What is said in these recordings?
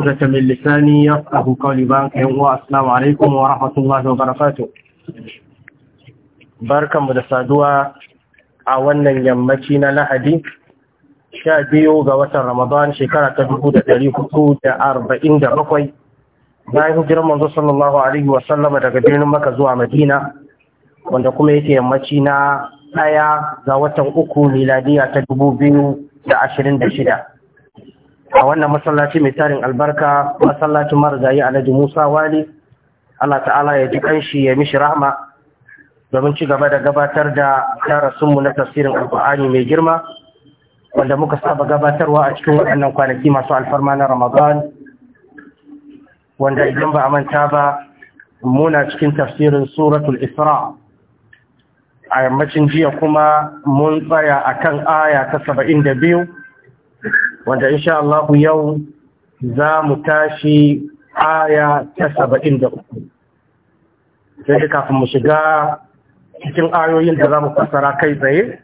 عقدة من لساني يفقه قولي بانك هو السلام عليكم ورحمة الله وبركاته barkan mu da saduwa a wannan yammaci na lahadi sha biyu ga watan ramadan shekara ta dubu da dari da arba'in da bakwai a hijirar manzo sallallahu alaihi wasallama daga birnin maka zuwa madina wanda kuma yake yammaci na ɗaya ga watan uku miladiya ta dubu biyu da ashirin da shida a wannan masallaci mai tarin albarka masallacin marigayi alhaji musa wali allah ta'ala ya ji kanshi ya mishi rahama domin ci gaba da gabatar da darasinmu na tafsirin alkur'ani mai girma wanda muka saba gabatarwa a cikin waɗannan kwanaki masu alfarma na ramadan wanda idan ba a manta ba muna cikin tafsirin suratul isra a yammacin jiya kuma mun tsaya akan aya ta saba'in da biyu wanda insha Allah yau za mu tashi aya ta saba'in da uku sai kafin mu shiga cikin ayoyin da za mu fassara kai tsaye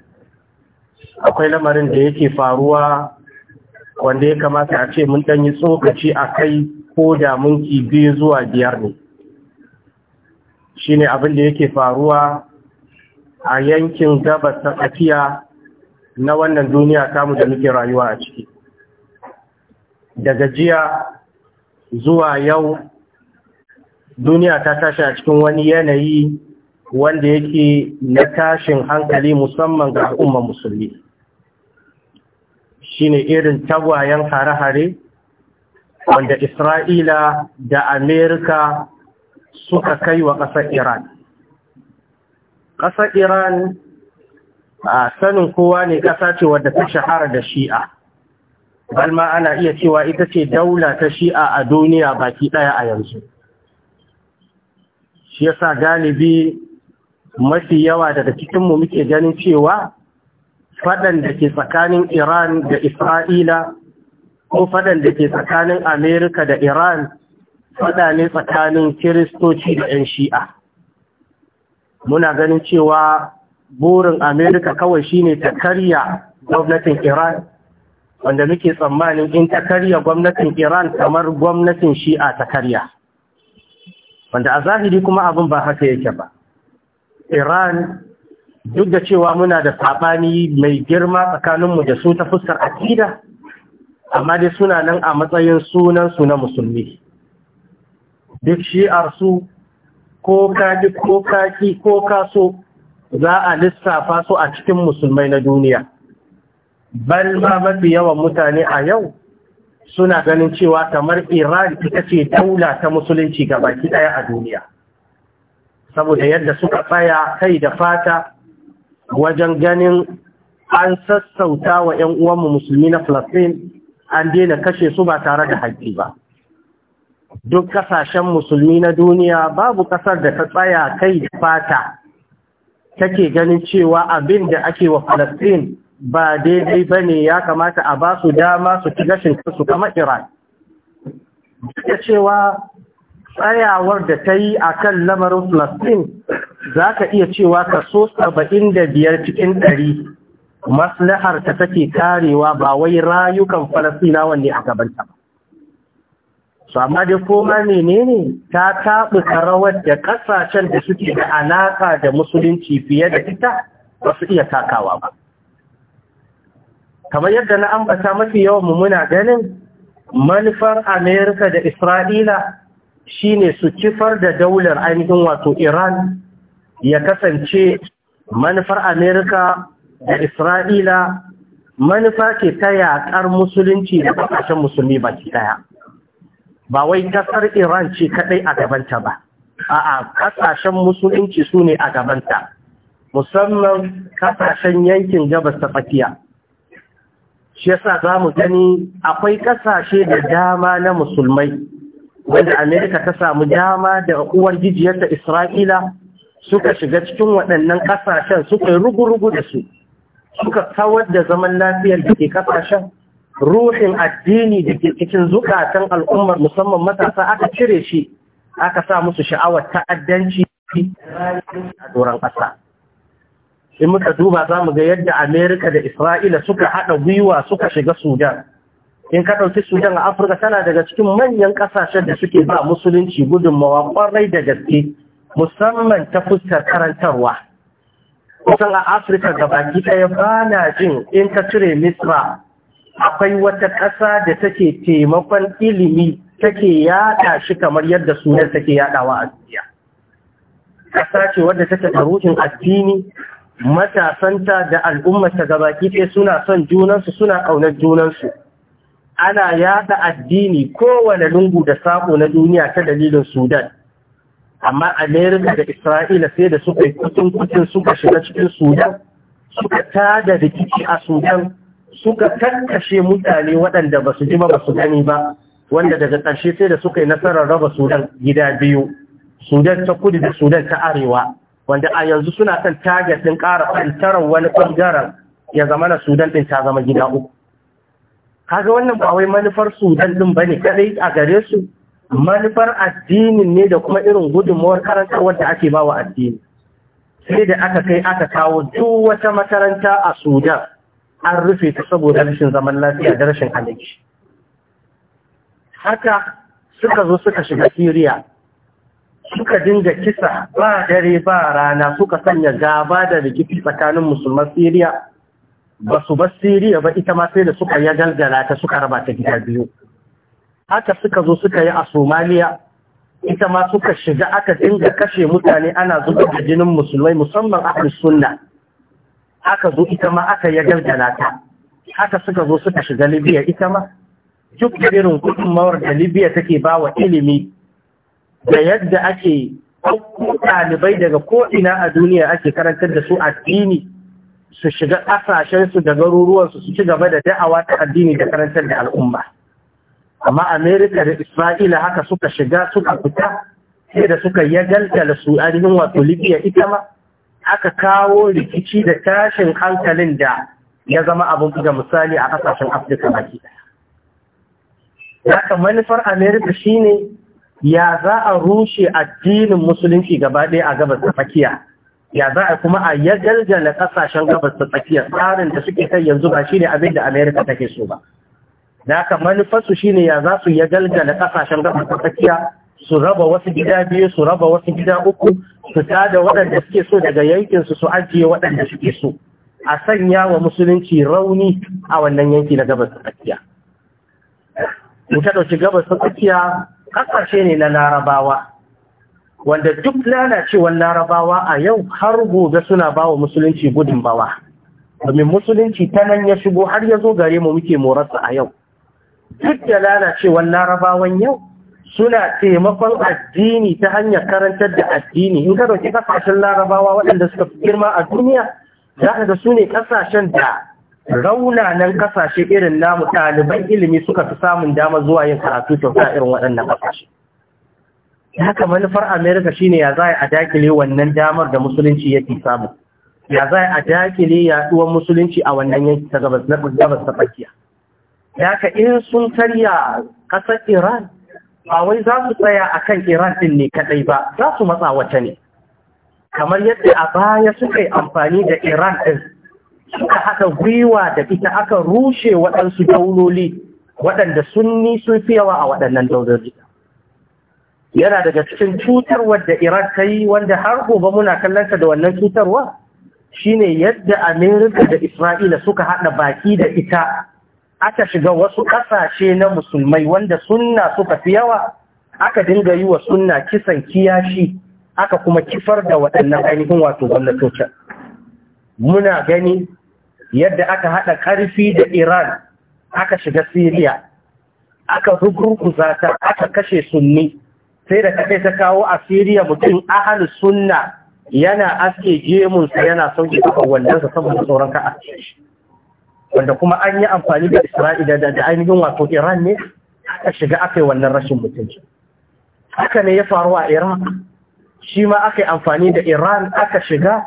akwai lamarin da yake faruwa wanda ya kamata a ce mun yi tsokaci a kai ko da mun ki biyu zuwa biyar ne shi ne abin da yake faruwa a yankin gabas ta tsakiya na wannan duniya samu da muke rayuwa a ciki daga jiya zuwa yau duniya ta tashi a cikin wani yanayi wanda yake na tashin hankali musamman ga al'umma musulmi shine irin tagwayen hare-hare wanda isra'ila da amerika suka kai wa ƙasar iran ƙasar iran a sanin kowa ne ƙasa ce wadda ta shahara da shi'a balma ana iya cewa ita ce daula ta shi'a a duniya baki ɗaya a yanzu shi yasa galibi mafi yawa daga cikinmu muke ganin cewa faɗan da ke tsakanin iran da isra'ila ko faɗan da ke tsakanin amerika da iran faɗa ne tsakanin kiristoci da 'yan shi'a muna ganin cewa burin amerika kawai shine ta karya gwamnatin iran wanda muke tsammanin in ta karya gwamnatin iran kamar gwamnatin shi'a ta karya wanda a zahiri kuma abin ba haka yake ba iran duk da cewa muna da saɓani mai girma tsakaninmu da su ta fuskar akida amma dai suna nan a matsayin sunansu na musulmi duk shi'ar su ko kaki ko kaki ko kaso za a lissafa su a cikin musulmai na duniya bal ma mafi yawan mutane a yau suna ganin cewa kamar iran ita ce taula ta musulunci ga baki ɗaya a duniya saboda yadda suka tsaya kai da fata wajen ganin an sassauta wa 'yan uwanmu musulmi na Falasɗin an daina kashe su ba tare da haƙƙi ba. Duk ƙasashen musulmi na duniya babu ƙasar da ta tsaya kai da fata take ganin cewa abin da ake wa Falastin ba daidai ba ne ya kamata a ba su dama su ci gashin kansu kamar Iran. Duka cewa tsayawar da ta yi a kan lamarin Falastin za ka iya cewa ka so saba'in da biyar cikin ɗari maslahar ta take karewa ba wai rayukan Falastina ne a gabanta ba. su amma dai koma menene ta tabu rawar da ƙasashen da suke da alaƙa da musulunci fiye da ita ba su iya takawa ba kamar yadda na ambata mafi yawan muna ganin manufar amerika da isra'ila shine su kifar da daular ainihin wato iran ya kasance manufar amerika da isra'ila manufa ke ta yaƙar musulunci da ƙasashen musulmi baki ɗaya ba wai kasar Iran ce kadai a gabanta ba a'a kasashen musulunci su ne a gabanta musamman kasashen yankin gabas ta tsakiya shi yasa za mu gani akwai kasashe da dama na musulmai wanda amerika ta samu dama da uwar gijiyarta isra'ila suka shiga cikin waɗannan kasashen suka yi rugu-rugu da su suka kawar da zaman lafiyar da ke kasashen ruhin addini da ke cikin zukatan al'ummar musamman matasa aka cire shi aka sa musu sha'awar ta'addanci a doron ƙasa. In muka duba za mu ga yadda Amerika da Isra'ila suka haɗa gwiwa suka shiga Sudan. In ka ɗauki Sudan a Afirka tana daga cikin manyan ƙasashen da suke ba musulunci gudunmawa ƙwarai da gaske musamman ta fuskar karantarwa. Kusan a Afirka ga baki ɗaya ba na jin in ka cire Misra akwai wata ƙasa da take taimakon ilimi take yada shi kamar yadda sunan take yadawa a duniya ƙasa ce wadda take da ruhin addini matasanta da al'ummata gabaki ɗaya suna son junansu suna ƙaunar junansu ana yada addini kowane lungu da saƙo na duniya ta dalilin sudan amma amerika da isra'ila sai da suka yi kutun kutun suka shiga cikin sudan suka tada rikici a sudan suka kankashe mutane waɗanda ba su ji ba su gani ba wanda daga ƙarshe sai da suka yi nasarar raba sudan gida biyu sudan ta kudu da sudan ta arewa wanda a yanzu suna kan target ɗin ƙara fantarar wani ɓangaren ya zama na sudan ɗin ta zama gida uku kaga wannan ba wai manufar sudan ɗin ba ne kaɗai a gare su manufar addinin ne da kuma irin gudunmawar karanta wanda ake bawa addini sai da aka kai aka kawo duk wata makaranta a sudan an rufe ta saboda rashin zaman lafiya da rashin aminci haka suka zo suka shiga Siriya suka dinga kisa ba dare ba rana suka sanya gaba da rikici tsakanin musulman Siriya ba su ba Siriya ba ita ma sai da suka ya galgala ta suka raba ta gida biyu haka suka zo suka yi a Somaliya ita ma suka shiga aka dinga kashe mutane ana zuba da jinin musulmai musamman ahlus sunna aka zo ita ma aka ya gargala ta haka suka zo suka shiga libya ita ma duk da irin gudunmawar da libya take ba wa ilimi da yadda ake ɗalibai daga ko'ina a duniya ake karantar da su addini su shiga ƙasashensu da garuruwansu su ci gaba da da'awa ta addini da karantar da al'umma amma amerika da isra'ila haka suka shiga suka fita sai da suka galgala su ainihin wato libya ita ma aka kawo rikici da tashin hankalin da ya zama abin da misali a kasashen afirka baki daya manufar amerika shine ya za a rushe addinin musulunci gaba ɗaya a gabas ta tsakiya ya za a kuma a na kasashen gabas ta tsakiya tsarin da suke kai yanzu ba shine abin da amerika take so ba daka manufarsu shine ya za su na kasashen gabas ta tsakiya su raba wasu gida biyu su raba wasu gida uku su da waɗanda suke so daga yankinsu su ajiye waɗanda suke so a sanya wa musulunci rauni a wannan yanki na gabas tsakiya mu ta ɗauki gabas tsakiya ƙasashe ne na larabawa wanda duk lalacewar larabawa a yau har gobe suna ba wa musulunci gudun bawa domin musulunci ta nan ya shigo har ya zo gare mu muke morarsa a yau duk da lalacewar larabawan yau suna taimakon addini ta hanyar karantar da addini in ka ke kasashen larabawa waɗanda suka fi girma a duniya za ka ga su ne kasashen da raunanan kasashe irin namu ɗaliban ilimi suka fi samun dama zuwa yin karatu kyauta irin waɗannan kasashe ka manufar amerika shine ya za a dakile wannan damar da musulunci yake samu ya za a dakile yaduwar musulunci a wannan yanki ta gabas na gabas ta tsakiya ka in sun karya ƙasar iran ba wai za su tsaya a kan iran ɗin ne kaɗai ba za su matsa wata ne kamar yadda a baya suka yi amfani da iran ɗin suka haɗa gwiwa da ita aka rushe waɗansu dauloli waɗanda sunni sun fi yawa a waɗannan dauloli yana daga cikin cutarwar da Iran ta yi wanda har gobe muna kallonta da wannan cutarwa shine yadda Amerika da Isra'ila suka haɗa baki da ita aka shiga wasu ƙasashe na musulmai wanda sunna suka fi yawa aka dinga yi wa sunna kisan kiyashi aka kuma kifar da waɗannan ainihin wato gwamnatocin muna gani yadda aka haɗa ƙarfi da iran aka shiga siriya aka rugurguza ta aka kashe sunni sai da kaɗai ta kawo a siriya mutum ahalus sunna yana aske gemunsa yana sauke kafa wandonsa saboda tsoron ka wanda kuma an yi amfani da isra'ila da ainihin wato iran ne aka shiga aka yi wannan rashin mutunci haka ne ya faru a iran shi ma aka yi amfani da iran aka shiga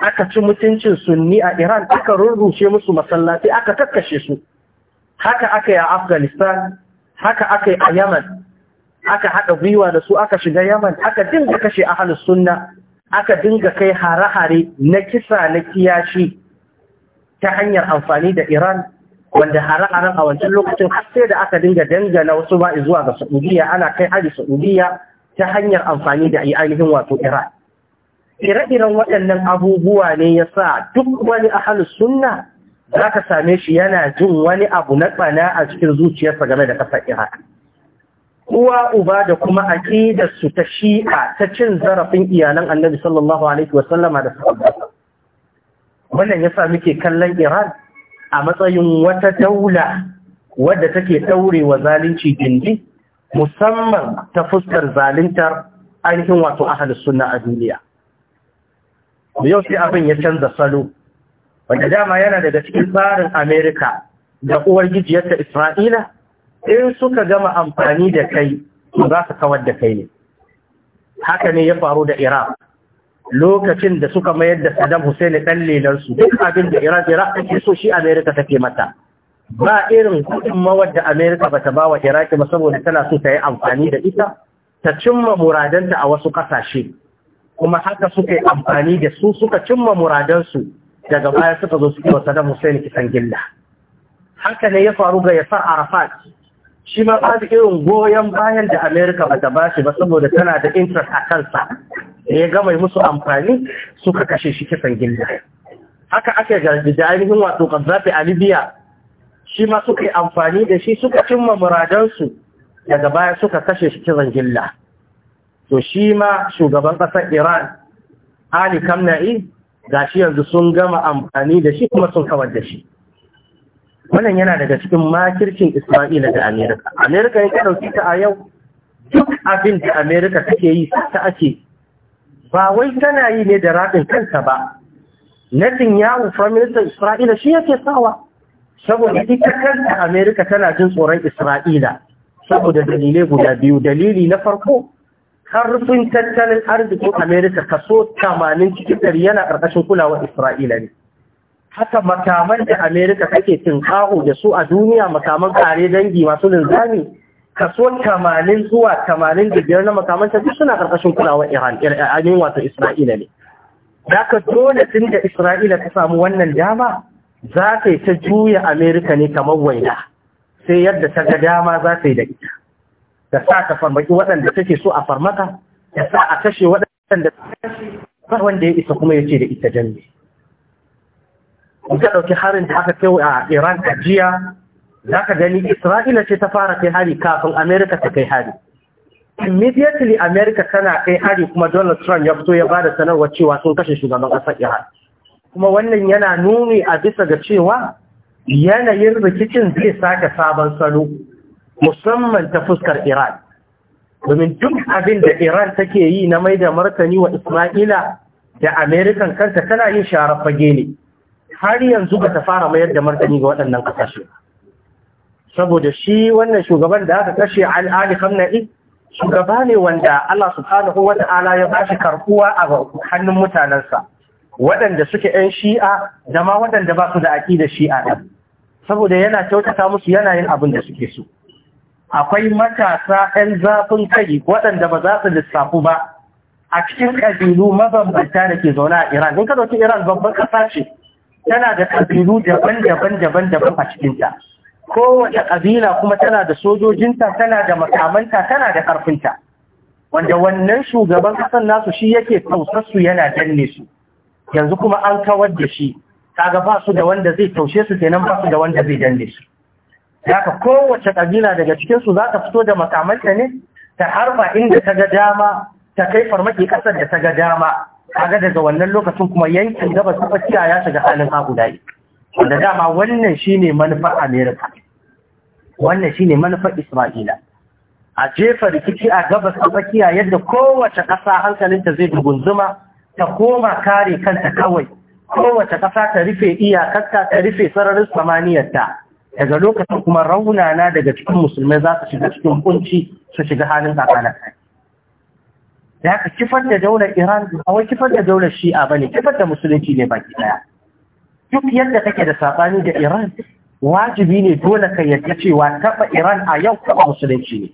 aka ci mutuncin sunni a iran aka rurrushe musu masallaci aka kakkashe su haka aka yi a afghanistan haka aka yi a yaman aka haɗa gwiwa da su aka shiga yaman aka dinga kashe ahalus sunna aka dinga kai hare-hare na kisa na kiyashi ta hanyar amfani da Iran wanda hare-haren a wancan lokacin har sai da aka dinga dangana wasu ba zuwa ga Saudiya ana kai hari Saudiya ta hanyar amfani da ainihin wato Iran. Ire-iren waɗannan abubuwa ne ya sa duk wani ahalus sunna za ka same shi yana jin wani abu na tsana a cikin zuciyarsa game da ƙasar Iran. Uwa uba da kuma aƙidar su ta shi'a ta cin zarafin iyalan annabi sallallahu alaihi wasallama da wannan yasa muke kallon Iran a matsayin wata daula wadda take daure wa zalunci gindi musamman ta fuskar zaluntar ainihin wato ahlus sunna a duniya yau sai abin ya canza salo wanda dama yana daga cikin tsarin Amerika da uwar gijiyarta Isra'ila in suka gama amfani da kai za su kawar da kai ne haka ne ya faru da Iraq lokacin da suka mayar da Saddam Hussein ɗan lelarsu duk abin da Iran Iraq take so shi Amerika take mata ba irin mawar da Amerika ta ba wa Iraq ba saboda tana so ta yi amfani da ita ta cimma muradanta a wasu ƙasashe kuma haka suka yi amfani da su suka cimma muradansu daga baya suka zo suke wa Saddam Hussein kisan gilla haka ne ya faru ga Yasar Arafat shi ma ba su irin goyon bayan da Amerika ba ta ba shi ba saboda tana da interest a kansa da ya gama musu amfani suka kashe shi kisan gilla haka ake da ainihin wato zafi a Libya shi ma suka yi amfani da shi suka cimma muradansu daga baya suka kashe shi kisan gilla to shi ma shugaban ƙasar Iran Ali Kamna'i shi yanzu sun gama amfani da shi kuma sun kawar da shi wannan yana daga cikin makircin Isra'ila da Amerika Amerika ya ɗauki ta a yau duk abin da Amerika take yi ta ake ba wai tana yi ne da rabin kanta ba natin yawon firaministan Isra'ila shi yake sawa saboda ita kanta Amerika tana jin tsoron Isra'ila saboda dalilai guda biyu dalili na farko karfin tattalin arzikin Amerika kaso 80 cikin yana ƙarƙashin kulawar Isra'ila ne haka makaman da amerika kake cin tinkaho da su a duniya makaman kare dangi masu linzami kaso 80 zuwa 85 na makaman ta duk suna karkashin kulawar iran ainihin wato isra'ila ne da ka dole tun da isra'ila ta samu wannan dama za ta yi ta juya amerika ne kamar waina sai yadda ta ga dama za ta yi da ita da sa ta farmaki waɗanda take so a farmaka da sa a kashe waɗanda ta kashe wanda ya isa kuma ya ce da ita janne ka ɗauki harin da aka kai a Iran a jiya za ka gani Isra'ila ce ta fara kai hari kafin Amerika ta kai hari. Immediately Amerika tana kai hari kuma Donald Trump ya fito ya ba da sanarwa cewa sun kashe shugaban ƙasar Iran. Kuma wannan yana nuni a bisa ga cewa yanayin rikicin zai sake sabon salo musamman ta fuskar Iran. Domin duk abin da Iran take yi na mai da martani wa Isra'ila da Amerikan kanta tana yin shara fage ne. har yanzu ba ta fara mayar da martani ga waɗannan kasashe saboda shi wannan shugaban da aka kashe al'ali hamna'i shugaba ne wanda Allah subhanahu wa ala ya ba shi karkuwa a hannun mutanensa waɗanda suke 'yan shi'a da ma waɗanda ba su da da shi'a ɗan saboda yana kyautata musu yanayin abin da suke so akwai matasa 'yan zafin kai waɗanda ba za su lissafu ba a cikin ƙabilu mabambanta da ke zaune a iran in ka ɗauki iran babban ƙasa ce tana da ƙabilu daban-daban daban a cikinta kowace ƙabila kuma tana da sojojinta tana da makamanta tana da ƙarfinta wanda wannan shugaban ƙasar nasu shi yake tausarsu yana danne su yanzu kuma an kawar da shi kaga ba su da wanda zai taushe su kenan ba su da wanda zai danne su daga kowace ƙabila daga cikinsu za ta fito da makamanta ne ta harba inda ta ga dama ta kai farmaki ƙasar da ta ga dama kaga daga wannan lokacin kuma yankin gabas ta tsakiya ya shiga halin haƙulayi wanda dama wannan shine manufar amerika wannan shine manufar isma'ila a jefa rikici a gabas ta tsakiya yadda kowace ƙasa hankalinta zai dugunzuma ta koma kare kanta kawai kowace kasa ta rufe iyakarta ta rufe sararin samaniyarta daga lokacin kuma raunana daga cikin musulmai za su shiga cikin kunci su shiga halin kakana kai da haka kifar da daular Iran A wai kifar da daular Shi'a ba ne, kifar da musulunci ne baki daya duk yadda kake da sabani da Iran wajibi ne dole ka yadda cewa taba Iran a yau taba musulunci ne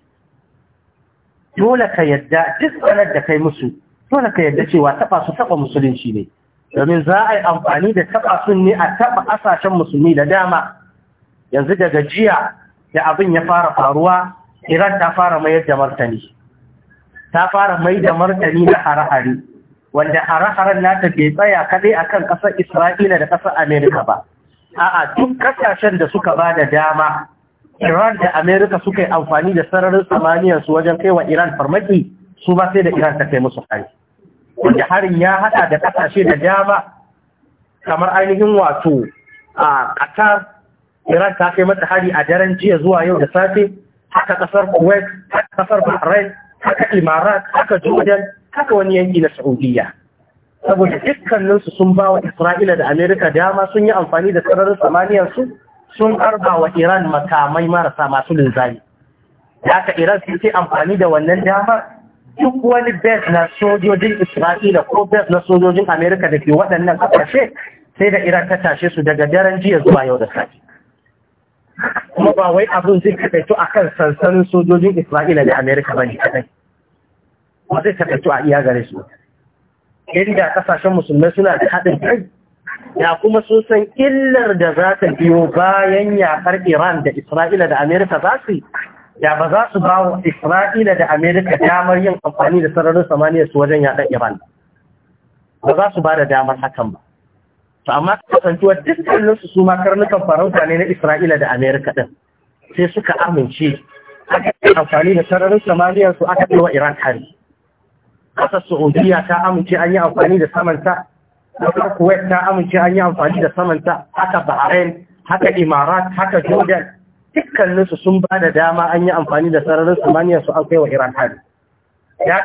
dole ka yadda duk sanar da kai musu dole ka yadda cewa taba su taba musulunci ne domin za a yi amfani da taba sun ne a taba asashen musulmi da dama yanzu daga jiya da abin ya fara faruwa Iran ta fara mayar da martani ta fara mai da martani na hare-hare wanda hare-haren nata bai tsaya kaɗai akan ƙasar Isra'ila da ƙasar Amerika ba a'a duk ƙasashen da suka ba da dama Iran da Amerika suka yi amfani da sararin samaniyarsu wajen kai wa Iran farmaki su ba sai da Iran ta kai musu hari wanda harin ya haɗa da ƙasashe da dama kamar ainihin wato a Qatar Iran ta kai mata hari a daren jiya zuwa yau da safe haka ƙasar Kuwait haka ƙasar Bahrain haka imarat haka jordan haka wani yanki na saudiya saboda dukkaninsu sun ba wa isra'ila da amerika dama sun yi amfani da sararin su sun arba wa iran makamai marasa masu linzami da aka iran sun ce amfani da wannan dama duk wani bes na sojojin isra'ila ko bes na sojojin amerika da ke waɗannan ƙasashe sai da iran ta tashe su daga daren jiya zuwa yau da sati kuma ba wai abin zai takaito a kan sansanin sojojin isra'ila da amerika ba ne kadai ba zai takaito a iya gare su inda kasashen musulmai suna da haɗin kai ya kuma sun san illar da za ta biyo bayan yakar iran da isra'ila da amerika za su yi? ya ba za su ba wa isra'ila da amerika damar yin amfani da sararin samaniya su wajen yaɗa iran ba za su ba da damar hakan ba to amma kasancewa dukkanin su su karnukan farauta ne na Isra'ila da Amerika din sai suka amince aka yi amfani da sararin samaniya su aka yi wa Iran hari kasar Saudiya ta amince an yi amfani da samanta kasar Kuwait ta amince an yi amfani da samanta haka Bahrain haka Imarat haka Jordan dukkanin su sun ba da dama an yi amfani da sararin samaniya su aka yi wa Iran hari ya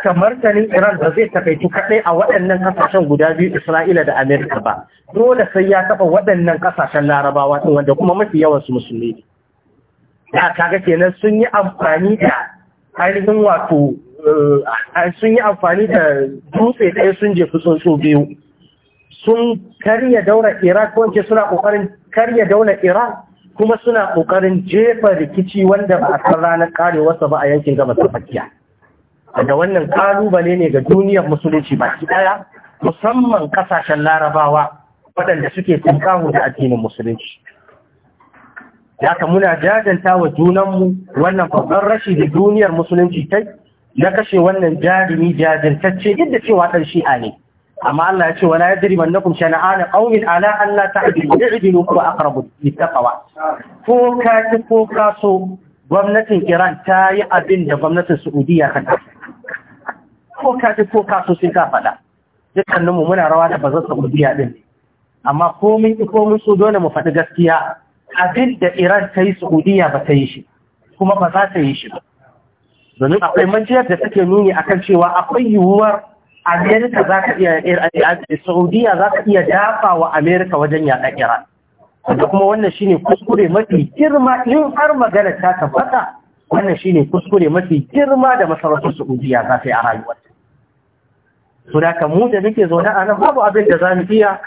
ni Iran ba zai takaitu kaɗai a waɗannan ƙasashen guda biyu Isra'ila da Amerika ba, dole sai ya taɓa waɗannan ƙasashen larabawa ɗin wanda kuma mafi su musulmi ne. Da kaga kenan sun yi amfani da ainihin wato eh, sun yi amfani da dutse ɗaya sun jefi tsuntsu biyu. Sun karya daura iran ko suna ƙoƙarin karya daura Iran kuma suna ƙoƙarin jefa rikici wanda ba a san ranar karewarsa ba a yankin gabas ta tsakiya. da wannan ƙalubale ne ga duniyar musulunci baki daya musamman kasashen larabawa waɗanda suke tunkahu da addinin musulunci ya muna jajanta wa junanmu wannan babban rashi da duniyar musulunci ta na kashe wannan jarumi jajantacce duk da cewa ɗan shi'a ne amma Allah ya ce wala yadri man nakum shana'ana qaumin ala an la ta'dilu i'dilu wa aqrabu littaqwa ko ka ko ka so gwamnatin Iran ta yi abin da gwamnatin Saudiya kan ko kaji ko kaso sai ka faɗa dukkaninmu muna rawa da bazar Saudiya din amma komin mun ki dole mu faɗi gaskiya abin da Iran ta yi Saudiya ba ta yi shi kuma ba za ta yi shi ba domin akwai manjiyar da take nuni akan cewa akwai yiwuwar Amerika za ka iya Saudiya za ka iya dafa wa Amerika wajen yaɗa Iran da kuma wannan shine kuskure mafi girma in har magana ta tabbata wannan shine kuskure mafi girma da masarautar ujiya za ta yi a rayuwar su da ka mu da muke zaune a nan babu abin da za mu iya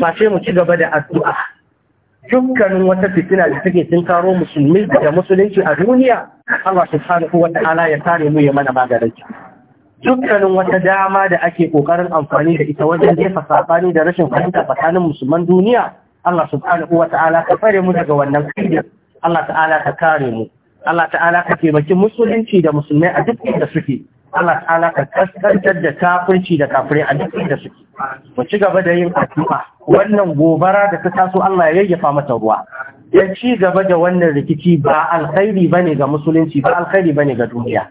ba mu ci gaba da addu'a dukkanin wata fitina da take sun taro musulmi da musulunci a duniya Allah subhanahu wa ta'ala ya tare mu ya mana maganin dukkanin wata dama da ake kokarin amfani da ita wajen jefa sabani da rashin fahimta tsakanin musulman duniya Allah subhanahu ta'ala ka fare mu daga wannan kaidar Allah ta'ala ka kare mu Allah ta'ala ka taimaki musulunci da musulmai a duk inda suke Allah ta'ala ka kaskantar da kafirci da kafirai a duk inda suke mu ci gaba da yin addu'a wannan gobara da ta taso Allah ya yayyafa mata ruwa ya ci gaba da wannan rikici ba alkhairi bane ga musulunci ba alkhairi bane ga duniya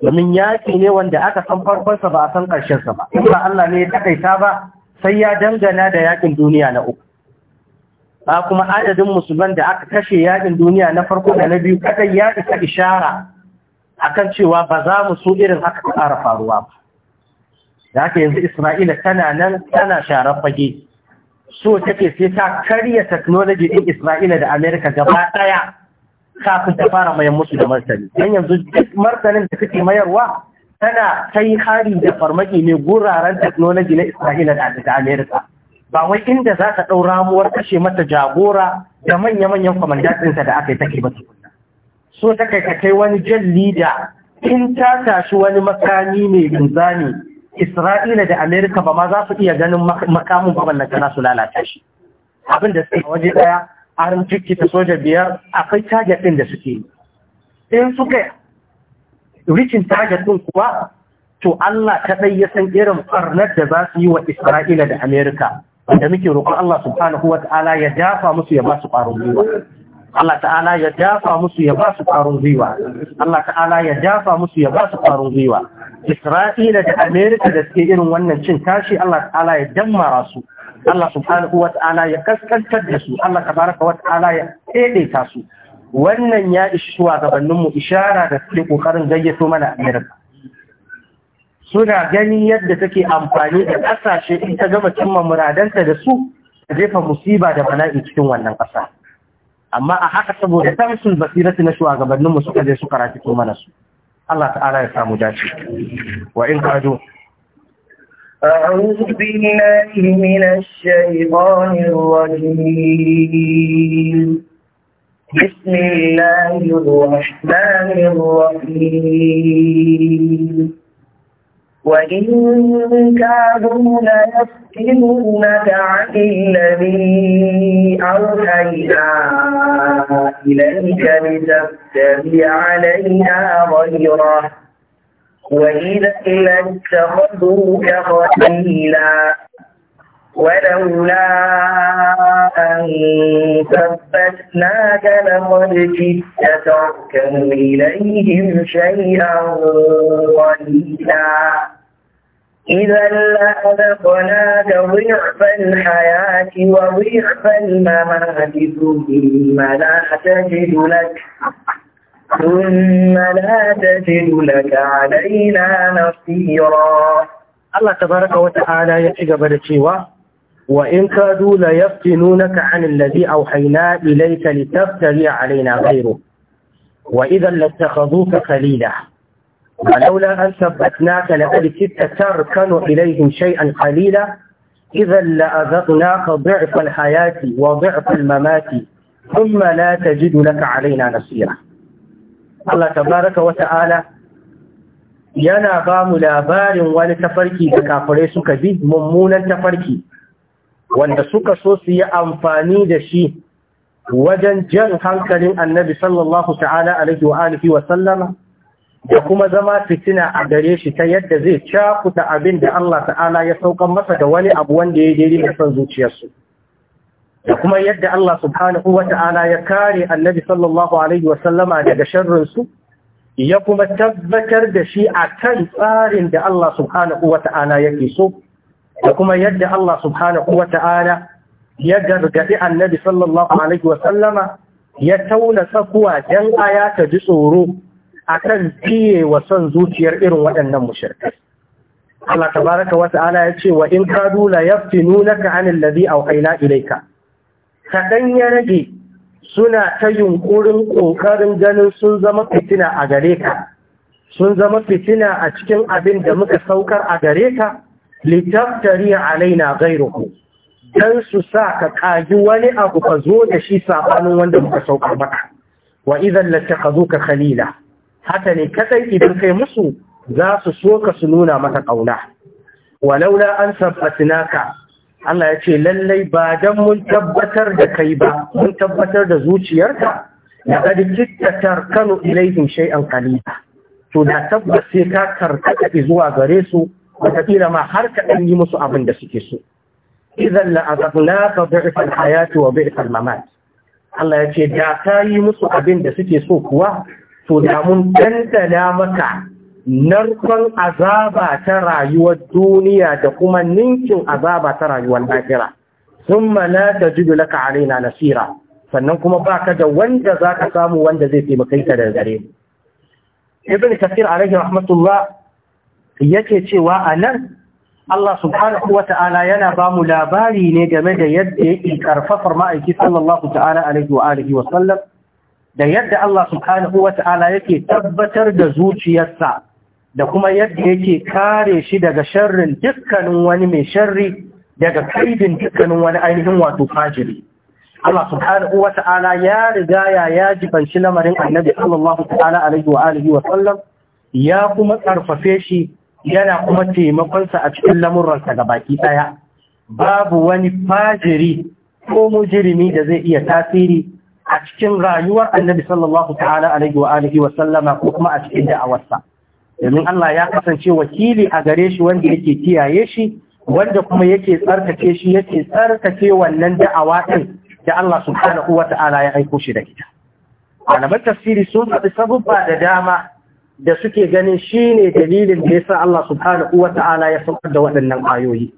domin yaki ne wanda aka san farkonsa ba a san ƙarshensa ba ba Allah ne ya takaita ba sai ya dangana da yakin duniya na uku ba kuma adadin musulman da aka kashe yakin duniya na farko da na biyu kadai ya isa ishara akan cewa ba za mu so irin haka ta ƙara faruwa ba da haka yanzu Isra'ila tana nan tana sharar fage so take sai ta karya technology din Isra'ila da America gaba ɗaya kafin ta fara mayan musu da martani don yanzu duk martanin da take mayarwa tana kai hari da farmaki ne guraren technology na Isra'ila da America ba wai inda za ka ɗau ramuwar kashe mata jagora da manya-manyan kwamandatinsa da aka yi take ba tukunna so ta kai ka kai wani jan lida in ta tashi wani makami mai linzami isra'ila da amerika ba ma za su iya ganin makamin baballantana su lalata shi abin da suke waje daya an ta soja biyar akwai target ɗin da suke yi in suka rikin target ɗin kuwa to Allah kaɗai ya san irin ɓarnar da za su yi wa Isra'ila da Amerika wanda muke roƙon Allah subhanahu wa ta'ala ya dafa musu ya ba su ƙwarin gwiwa Allah ta'ala ya dafa musu ya ba su ƙwarin gwiwa Allah ta'ala ya dafa musu ya ba su ƙwarin gwiwa Isra'ila da Amerika da suke irin wannan cin tashi Allah ta'ala ya dammara su Allah subhanahu wa ta'ala ya kaskantar da su Allah tabaraka wa ta'ala ya ta su wannan ya ishi mu isharar da suke ƙoƙarin gayyato mana Amerika suna gani yadda take amfani da ƙasashe in ta gama cimma muradanta da su ta jefa musiba da bala'i cikin wannan ƙasa amma a haka saboda ta tarsul basirati na mu suka je karatu rafi mana su Allah ta'ala ya samu dace wa in kado أعوذ بالله من الشيطان الرجيم بسم الله الرحمن الرحيم وإن كانوا ليفتنونك عن الذي أوحينا إليك لتفتري علينا غيره وإذا لاتخذوك خليلا ولولا أن ثبتناك لقد جئت تركن إليهم شيئا قليلا إذا لأذقناك ضعف الحياة وضعف الممات ثم لا تجد لك ثم لا تجد لك علينا نصيرا الله تبارك وتعالى يحجب سواه وإن كادوا ليفتنونك عن الذي أوحينا إليك لتفتري علينا غيره وإذا لاتخذوك خليلا ولولا أن ثبتناك لقد كدت تركن إليهم شيئا قليلا إذا لأذقناك ضعف الحياة وضعف الممات ثم لا تجد لك علينا نصيرا الله تبارك وتعالى ينا ba لا labarin wani tafarki da kafirai suka bi wanda suka so su yi amfani da shi wajen jan hankalin annabi sallallahu ta'ala alaihi wa alihi wa sallama da kuma zama fitina a gare shi ta yadda zai cakuta abin da Allah ta'ala ya saukan masa da wani abu wanda ya daidai da son zuciyarsu da kuma yadda Allah subhanahu wa ta'ala ya kare annabi sallallahu alaihi wa sallama daga sharrinsu ya kuma tabbatar da shi a kan tsarin da Allah subhanahu wa ta'ala yake so da kuma yadda Allah subhanahu wa ta'ala ya gargaɗi annabi sallallahu alaihi wa sallama ya tauna tsakuwa don aya ta ji tsoro a kan fiye wa son zuciyar irin waɗannan mushirkai. Allah tabaraka wa ta'ala ya ce wa in nuna ka yaftinunaka lazi ladhi awhayna ilayka Kaɗan ya rage suna ta yunƙurin ƙoƙarin ganin sun zama fitina a gare ka sun zama fitina a cikin abin da muka saukar a gare ka litaftari alaina ghairuhu dan su sa ka kaji wani abu ka zo da shi sabanin wanda muka sauka maka wa idan ka khalila haka ne kadai idan kai musu za su so ka su nuna maka kauna walaula an sabbatnaka Allah ya ce lallai ba dan mun tabbatar da kai ba mun tabbatar da zuciyarka laqad kitta tarkanu ilayhim shay'an qalila to da tabbas sai ka karkata zuwa gare su wataƙila ma har kaɗan yi musu abin da suke so idan la azabnaka bi'sal hayati wa bi'sal mamat Allah ya ce da ka yi musu abin da suke so kuwa to da mun dandana maka narkon azaba ta rayuwar duniya da kuma ninkin azaba ta rayuwar lahira thumma ta tajidu laka na nasira sannan kuma ba ka da wanda za ka samu wanda zai taimake ka daga gare mu ibn kathir alaihi rahmatullah yake cewa a nan Allah subhanahu wa ta'ala yana ba mu labari ne game da yadda yake ƙarfafar ma'aiki sallallahu ta'ala alaihi wa alihi wa sallam da yadda Allah subhanahu wa ta'ala yake tabbatar da zuciyarsa da kuma yadda yake kare shi daga sharrin dukkanin wani mai sharri daga kaidin dukkanin wani ainihin wato fajiri Allah subhanahu wa ta'ala ya riga ya yaji banci lamarin annabi sallallahu ta'ala alaihi wa alihi wa sallam ya kuma ƙarfafe shi yana kuma taimakonsa a cikin lamurransa ga baki ɗaya babu wani fajiri ko mujirimi da zai iya tasiri a cikin rayuwar annabi sallallahu ta'ala alaihi wa alihi wa sallama ko kuma a cikin da'awarsa domin Allah ya kasance wakili a gare shi wanda yake kiyaye shi wanda kuma yake tsarkake shi yake tsarkake wannan da'awa din da Allah subhanahu wa ta'ala ya aiko shi da ita malaman tafsiri sun faɗi sabubba da dama da suke ganin shi ne dalilin da yasa Allah subhanahu wa ta'ala ya saukar da waɗannan ayoyi.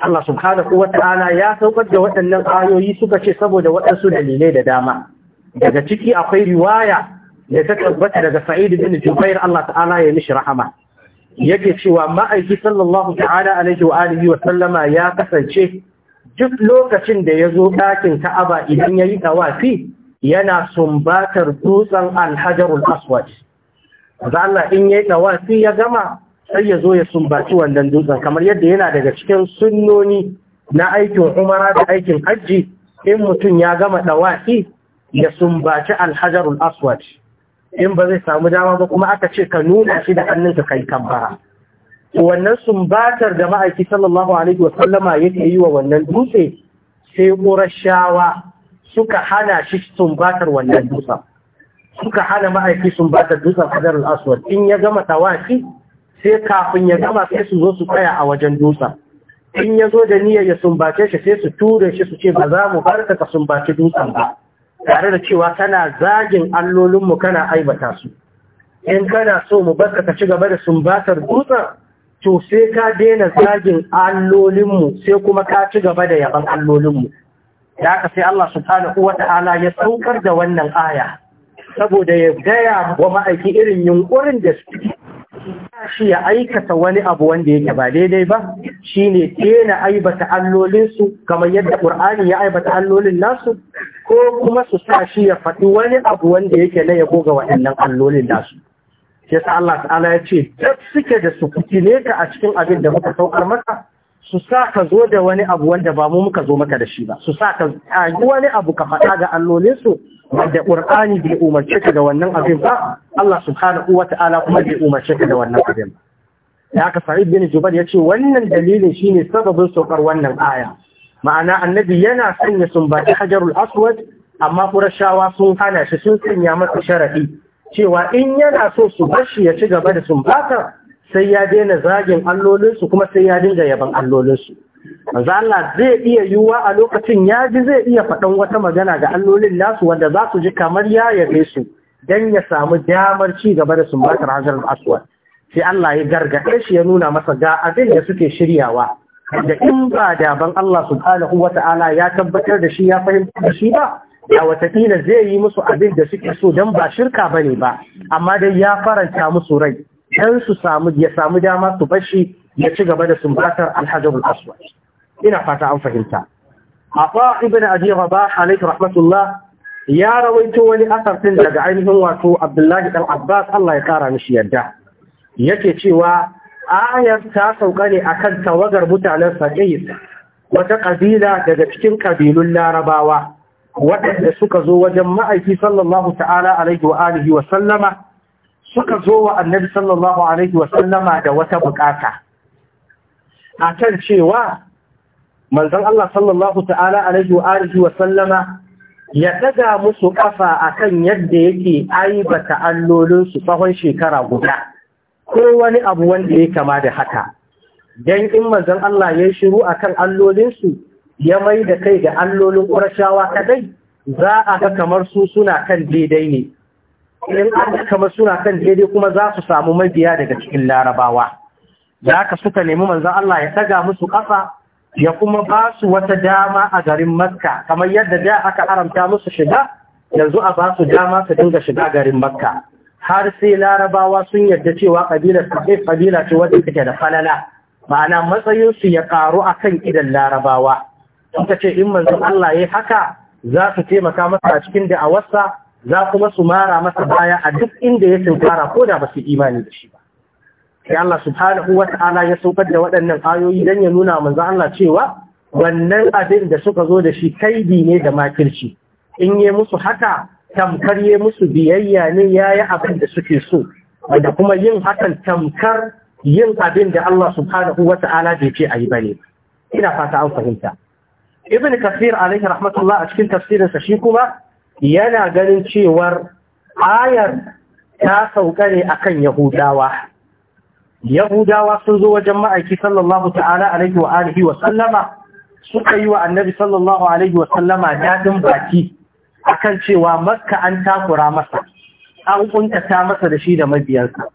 Allah subhanahu wa ta'ala ya saukar da waɗannan ayoyi suka ce saboda waɗansu dalilai da dama. Daga ciki akwai riwaya da ta tabbata daga Sa'id bin Jubair Allah ta'ala ya mishi rahama. Yake cewa ma'aiki sallallahu ta'ala alaihi wa alihi wa sallama ya kasance duk lokacin da ya zo ɗakin Ka'aba idan ya yi tawafi yana sumbatar dutsen Alhajarul Aswad. za Allah in ya yi ɗawafi ya gama sai ya zo ya sumbaci wannan dutsen kamar yadda yana daga cikin sunnoni na aikin umara da aikin hajji in mutum ya gama ɗawafi ya sumbaci alhajarul aswad in ba zai samu dama ba kuma aka ce ka nuna shi da hannunka kai kan wannan sumbatar da ma'aiki sallallahu alaihi wa sallama yake yi wa wannan dutse sai ƙurashawa suka hana shi sumbatar wannan dutsen suka hana ma'aiki sun ba ta dutsen hajarul aswad in ya gama tawaki sai kafin ya gama sai su zo su tsaya a wajen dutsen in ya zo da niyyar ya sumbace shi sai su ture shi su ce ba za mu barka ka sumbaci dutsen ba tare da cewa kana zagin allolinmu kana aibata su in kana so mu barka ka ci gaba da sumbatar dutsen to sai ka daina zagin allolinmu sai kuma ka ci gaba da yaban allolinmu da aka sai Allah subhanahu ta'ala ya saukar da wannan aya saboda ya gaya wa ma'aiki irin yunkurin da suke shi ya aikata wani abu wanda yake ba daidai ba shine tena aibata allolinsu kamar yadda ƙur'ani ya aibata allolin nasu ko kuma su sa shi ya faɗi wani abu wanda yake na yago ga waɗannan allolin nasu ya sa Allah ta'ala ya ce duk suke da su kutine ka a cikin abin da muka saukar maka su sa ka zo da wani abu wanda ba mu muka zo maka da shi ba su sa ka wani abu ka faɗa ga allolinsu wanda ƙur'ani bai umarce ka da wannan abin ba Allah subhanahu wata'ala kuma bai umarce ka da wannan abin ba da aka Sa'id bin Jubair ya ce wannan dalilin shine sababin saukar wannan aya ma'ana annabi yana sanya sumbaci hajarul aswad amma Qurashawa sun hana shi sun sanya masa sharadi cewa in yana so su shi ya ci gaba da sumbata sai ya daina zagin allolinsu kuma sai ya dinga yaban allolinsu manzo Allah zai iya yiwuwa a lokacin ya ji zai iya faɗan wata magana ga allolin nasu wanda za su ji kamar ya yabe su dan ya samu damar ci gaba da sumbatar hajar aswad sai Allah ya gargaɗe shi ya nuna masa ga abin da suke shiryawa da in ba da ban Allah subhanahu wata'ala ya tabbatar da shi ya fahimta da shi ba da watakila zai yi musu abin da suke so don ba shirka ba ne ba amma dai ya faranta musu rai don su samu ya samu dama su bashi ya ci gaba da sumbatar alhajarul aswad ina fata an fahimta afa ibn abi rabah alayhi rahmatullah ya rawaito wani asar daga ainihin wato abdullahi Ɗan abbas Allah ya kara mishi yadda yake cewa ayar ta sauka ne a kan tawagar mutanen sa'id wata kabila daga cikin kabilun larabawa waɗanda suka zo wajen ma'aiki sallallahu ta'ala alaihi wa alihi wa sallama suka zo wa annabi sallallahu alaihi wa sallama da wata bukata a kan cewa manzon Allah sallallahu ta'ala alaihi wa alihi wa sallama ya daga musu kafa akan yadda yake aibata allolin su tsawon shekara guda ko wani abu wanda ya kama da haka dan in manzon Allah ya shiru akan allolin su ya mai da kai ga allolin Qurayshawa kadai za a ga kamar su suna kan daidai ne in an kamar suna kan daidai kuma za su samu mabiya daga cikin Larabawa da aka suka nemi manzan Allah ya taga musu ƙasa ya kuma ba su wata dama a garin makka kamar yadda da aka haramta musu shiga yanzu a ba su dama su dinga shiga garin makka har sai larabawa sun yarda cewa ƙabilar kaɗai ƙabila ce wadda take da falala ma'ana matsayinsu ya ƙaru a kan idan larabawa suka ce in manzan Allah ya haka za su taimaka masa a cikin da'awarsa za kuma su mara masa baya a duk inda ya tunkara ko da ba su imani da shi ba sai Allah subhanahu ya saukar da waɗannan ayoyi dan ya nuna manzo Allah cewa wannan abin da suka zo da shi kaidi ne da makirci in yi musu haka tamkar yi musu biyayya ne yayi abin da suke so da kuma yin hakan tamkar yin abin da Allah subhanahu wa bai ce ayi bane ina fata an fahimta ibn kafir alaihi rahmatullah a cikin tafsirinsa shi kuma yana ganin cewar ayar ta sauka ne akan yahudawa yahudawa sun zo wajen ma'aiki sallallahu ta'ala alaihi wa alihi wa sallama suka yi wa annabi sallallahu alaihi wa sallama daɗin baki akan cewa makka an takura masa an kuntata masa da shi da mabiyarsa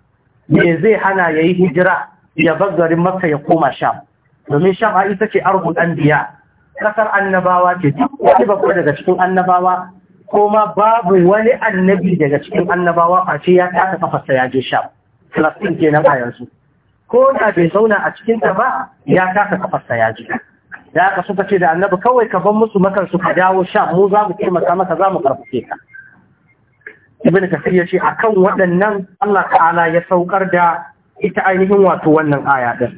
me zai hana yayi hijira ya bar garin makka ya koma sham domin sham a ita ce arhuɗan biya, ƙasar annabawa ke duk babba daga cikin annabawa kuma babu wani annabi daga cikin annabawa face ya taka kafarsa ya je sham Falastin kenan a yanzu ko da bai zauna a cikin ta ba ya kasa kafarsa ya ji da aka suka ce da annabi kawai ka ban musu makan su ka dawo sha mu za mu taimaka maka za mu karfafe ka ibn kasir ya ce akan waɗannan Allah ta'ala ya saukar da ita ainihin wato wannan aya din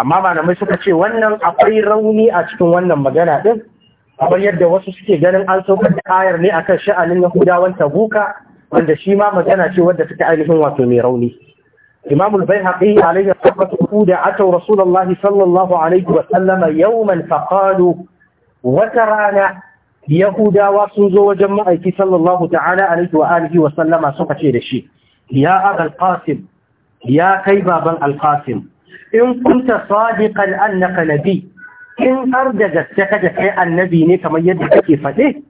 amma malamai suka ce wannan akwai rauni a cikin wannan magana din kamar yadda wasu suke ganin an saukar da ayar ne akan sha'anin yahudawan tabuka wanda shi ma magana ce wadda suke ainihin wato mai rauni إمام البيهقي عليه الصلاة والسلام أتوا رسول الله صلى الله عليه وسلم يوما فقالوا وترانا يهودا وسوزو وجمعك صلى الله تعالى عليه وآله وسلم سكتي رشي يا أبا القاسم يا كيبا بن القاسم إن كنت صادقا أنك نبي إن أرجى جسدك النبي نيك من يدك كيف فالحق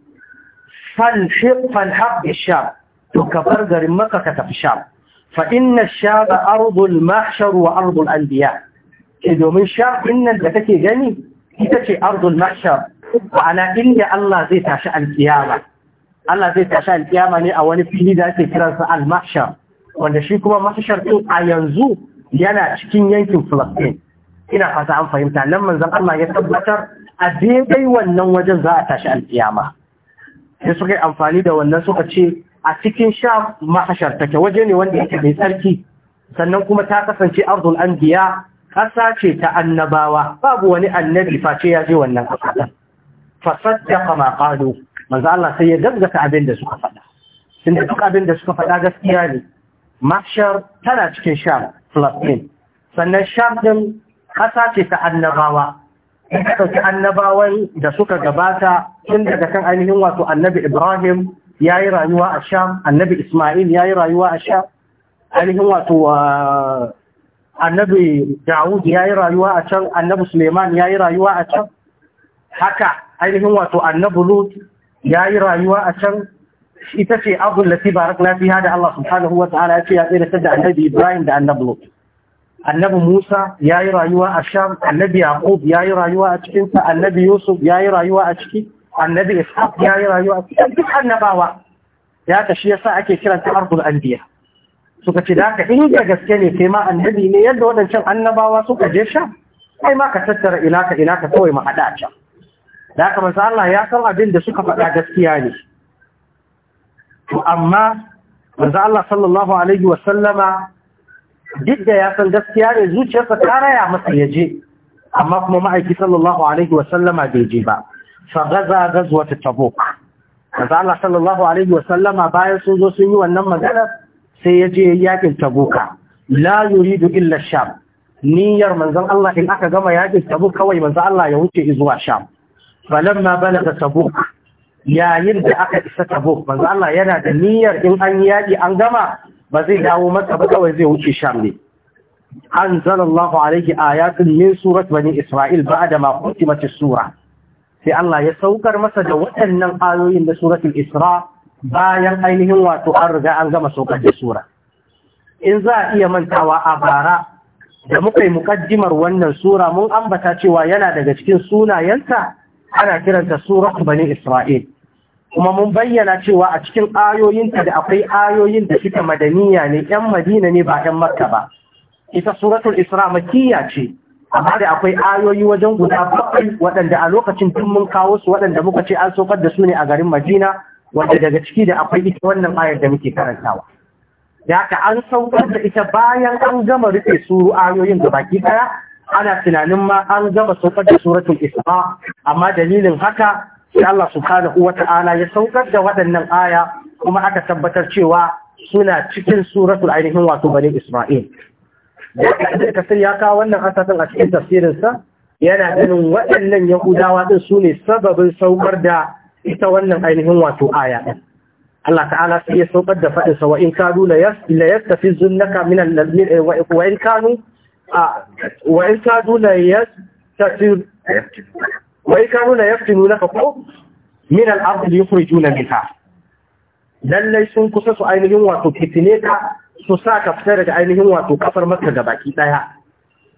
فالحق الشام تكبر غير كتب الشام فإن الشام أرض المحشر anbiya الأنبياء domin sham dinnan da take gani ita ce ardul mahshar ma'ana inda Allah zai tashi alkiyama zai tashi alkiyama ne a wani fili da ake kiran sa al mahshar wanda shi kuma mahshar din a yanzu yana cikin yankin Palestine ina fata an fahimta nan manzon Allah ya tabbatar a daidai wannan wajen za tashi alkiyama sai suka yi amfani da wannan suka ce a cikin sha mahashar take waje ne wanda yake mai tsarki sannan kuma ta kasance ardul anbiya ƙasa ce ta annabawa babu wani annabi face ya je wannan ƙasa fa saddaqa ma qalu manzo Allah sai ya gaggata abin da suka faɗa tunda duk abin da suka faɗa gaskiya ne mahshar tana cikin sham Palestine sannan sham din ƙasa ce ta annabawa in ta annabawan da suka gabata tun daga kan ainihin wato annabi Ibrahim ya yi rayuwa a sham annabi ismail ya yi rayuwa a sham ainihin wato annabi dawud ya yi rayuwa a can annabi suleiman ya yi rayuwa a can haka ainihin wato annabi lut ya yi rayuwa a can ita ce abun lati barak na da Allah subhanahu wa ta'ala ya ce ya tsere da annabi ibrahim da annabi lut annabi musa ya yi rayuwa a sham annabi yaqub ya yi rayuwa a cikinsa annabi yusuf ya yi rayuwa a ciki annabi ishaq ya yi rayuwa cikin duk annabawa ya ta shi yasa ake kiranta arhul anbiya suka ce da ka in gaske ne kai ma annabi ne yadda waɗancan annabawa suka je sha kai ma ka tattara ina ka ina ka kawai mu haɗa can da ka manzo Allah ya san abin da suka faɗa gaskiya ne to amma manzo Allah sallallahu alaihi wa sallama duk da ya san gaskiya ne zuciyarsa ta raya masa yaje. amma kuma ma'aiki sallallahu alaihi wa sallama bai je ba fagaza gazwata tabuk kaza Allah sallallahu alaihi wasallama bayan sun zo sun yi wannan magana sai ya je yakin tabuka la yuridu illa sham niyyar manzan Allah in aka gama yakin tabuk kawai manzan Allah ya wuce zuwa sham falamma balaga tabuk yayin da aka isa tabuk manzon Allah yana da niyyar in an yaki an gama ba zai dawo maka ba kawai zai wuce sham ne anzalallahu alaihi ayatun min surat bani isra'il ba'da ma khutimat as-surah sai Allah ya saukar masa da waɗannan ayoyin da suratul Isra bayan ainihin wato an riga an gama saukar da sura in za a iya mantawa a bara da muka yi mukaddimar wannan sura mun ambata cewa yana daga cikin sunayenta ana kiranta suratu bani Isra'il kuma mun bayyana cewa a cikin ayoyinta da akwai ayoyin da suka madaniya ne 'yan Madina ne ba 'yan Makka ba ita suratul Isra makiyya ce amma da akwai ayoyi wajen guda bakwai waɗanda a lokacin tun mun kawo su waɗanda muka ce an sokar da su ne a garin Madina wanda daga ciki da akwai ita wannan ayar da muke karantawa da haka an saukar da ita bayan an gama rufe su ayoyin da baki ɗaya ana tunanin ma an gama saukar da suratul isra amma dalilin haka sai Allah subhanahu wata'ala ya saukar da waɗannan aya kuma aka tabbatar cewa suna cikin suratul ainihin wato bani Isma'il. kasar ya kawo wannan asasin a cikin tafsirinsa yana ganin waɗannan yahudawa ɗin su ne sababin saukar da ita wannan ainihin wato aya ɗin Allah ta'ala su ya saukar da faɗin sa wa in kanu la yastafizunka min al-ladmin wa in kanu wa in kanu la yastafizun wa in kanu la yaftinunaka ko min al-ardi yukhrijuna minha lallai sun kusa su ainihin wato fitine ka su sa ka fita daga ainihin wato kafar maka ga baki daya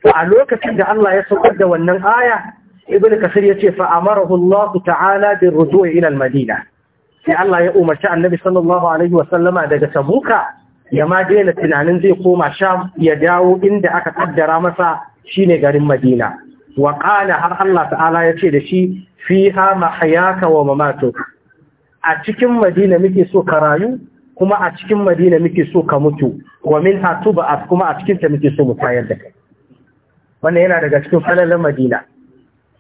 to a lokacin da Allah ya saukar da wannan aya ibnu kasir yace fa amarahu Allah ta'ala bir ruju'i ila al-madina sai Allah ya umarci annabi sallallahu alaihi wa sallama daga tabuka ya ma daina tunanin zai koma sham ya dawo inda aka kaddara masa shine garin madina wa qala har Allah ta'ala yace da shi fiha mahayaka wa mamatuk a cikin madina muke so ka rayu kuma a cikin madina muke so ka mutu wa min hatuba a kuma a cikinta muke so mu tayar da kai wannan yana daga cikin falalar madina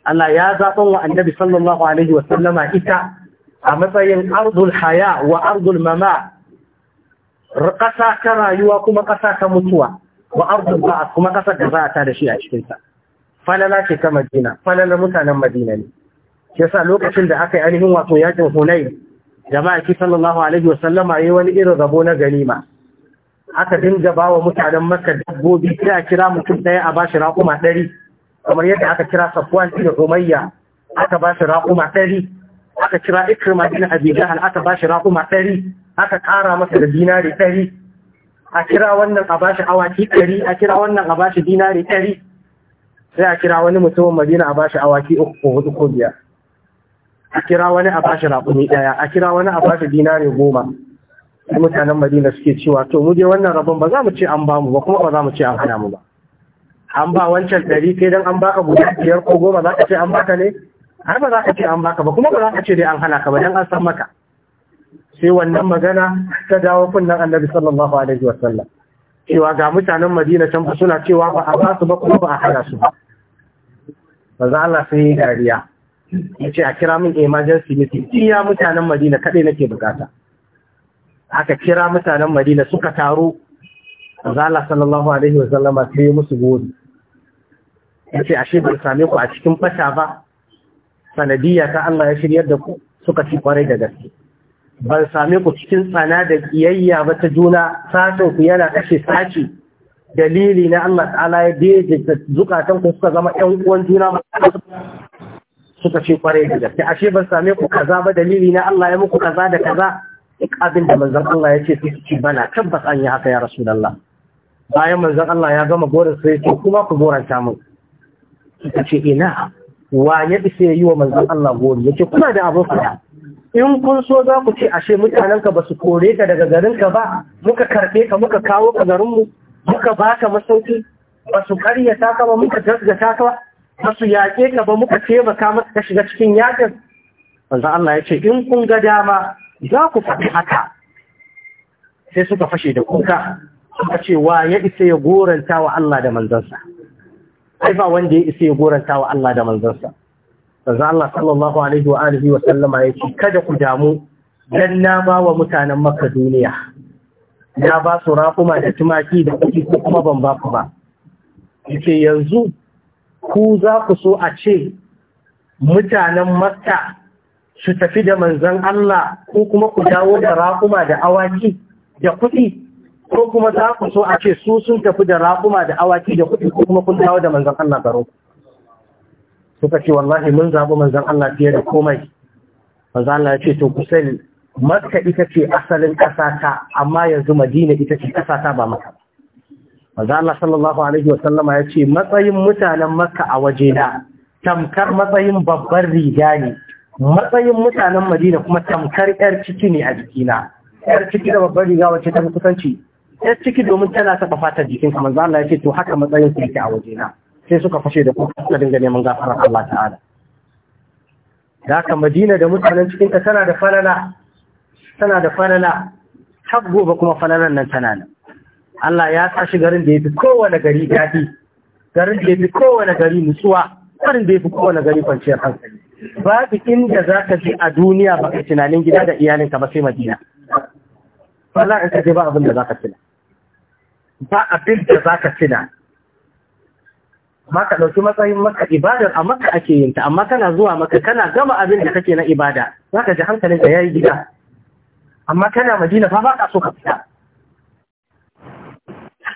Allah ya zaɓan wa annabi sallallahu alaihi sallama ita a matsayin ardul haya wa ardul mama ƙasa ta rayuwa kuma ƙasa ta mutuwa wa ardul ba'a kuma ƙasa da za a ta da shi a ta. falala ce ta madina falalar mutanen madina ne yasa lokacin da aka yi ainihin wato yakin hunayi jama'a ki sallallahu alaihi wa wasallama yayi wani irin rabo na ganima aka dinga ba wa mutanen makka dabbobi sai a kira mutum ɗaya a bashi raƙuma ɗari kamar yadda aka kira safwan da umayya aka bashi raƙuma ɗari aka kira ikrima ibn abi jahal aka bashi raƙuma ɗari aka ƙara masa da dinari ɗari a kira wannan a bashi awaki ɗari a kira wannan a bashi dinari ɗari sai a kira wani mutumin madina a bashi awaki uku ko hudu ko biyar a kira wani a bashi raƙumi ɗaya a kira wani a bashi ne goma mutanen madina suke cewa to mu je wannan rabon ba za mu ce an bamu ba kuma ba za mu ce an hana mu ba an ba wancan ɗari kai dan an baka guda biyar ko goma za ka ce an baka ne har ba za ka ce an baka ba kuma ba za ka ce dai an hana ka ba dan an san maka sai wannan magana ta dawo kunnan annabi sallallahu alaihi wa sallam cewa ga mutanen madina can suna cewa ba a ba su ba kuma ba a hana su ba za Allah sai dariya ya ce a kira min emergency meeting iya mutanen madina kaɗai nake bukata aka kira mutanen madina suka taro zala sallallahu alaihi wa sallama sai musu gori ya ce ashe ban same ku a cikin fata ba sanadiyya ta Allah ya shiryar da ku suka ci kwarai da gaske ban same ku cikin tsana da kiyayya ba ta juna sashen ku yana kashe sace dalili na Allah ta'ala ya daidaita zukatan ku suka zama 'yan uwan juna ba suka ce kwarai da gaske ashe ban same ku kaza ba dalili na Allah ya muku kaza da kaza duk abin da manzon Allah ya ce su ci bana tabbas an yi haka ya rasulullah bayan manzon Allah ya gama gora sai ce kuma ku goranta mu suka ce ina wa ya bi sai yi wa manzon Allah gori yace kuna da abu fada in kun so za ku ce ashe mutanenka ba su kore ka daga garin ka ba muka karbe ka muka kawo ka garinmu muka baka masauki ba su karyata ka muka tasga ka ba ba su yaƙe ka ba muka taimaka masa ka shiga cikin yaƙin wanzu Allah ya ce in kun ga dama za ku faɗi haka sai suka fashe da kuka suka ce wa ya isa ya goranta wa Allah da manzansa ai ba wanda ya isa ya goranta wa Allah da manzansa wanzu Allah sallallahu alaihi wa alihi wa sallama ya ce kada ku damu dan na ba wa mutanen Makka duniya na ba su rafuma da tumaki da kuɗi ko kuma ban ba ku ba yace yanzu ku za ku so a ce mutanen makka su tafi da manzan Allah ko kuma ku dawo da raƙuma da awaki da kuɗi ko kuma za ku so a ce su sun tafi da raƙuma da awaki da kuɗi ko kuma kun dawo da manzan Allah garo suka ce wallahi mun zaɓi manzan Allah fiye da komai manzan Allah ya ce to kusan Makka ita ce asalin ƙasata amma yanzu Madina ita ce ƙasata ba maka maza Allah sallallahu alaihi wasallama ya ce matsayin mutanen makka a waje na tamkar matsayin babbar riga ne matsayin mutanen madina kuma tamkar yar ciki ne a jikina yar ciki da babbar riga wace ta kusanci yar ciki domin tana taɓa fatar jikin ka maza Allah ya ce to haka matsayin su yake a waje na sai suka fashe da kuka suka dinga neman gafarar Allah ta'ala da haka madina da mutanen cikinta tana da falala tana da falala har gobe kuma falalan nan tana nan Allah ya tashi garin da ya fi kowane gari daɗi garin da ya fi kowane gari nutsuwa garin da ya fi kowane gari kwanciyar hankali Ba babu inda za ka fi a duniya baka tunanin gida da iyalinka ba sai madina Allah za ka je ba abin da za ka tuna ba abin da za ka tuna ma ka ɗauki matsayin maka ibadar a maka ake yin ta amma kana zuwa maka kana gama abin da kake na ibada za ka ji hankalinka ya yi gida amma kana madina fa ba ka so ka fita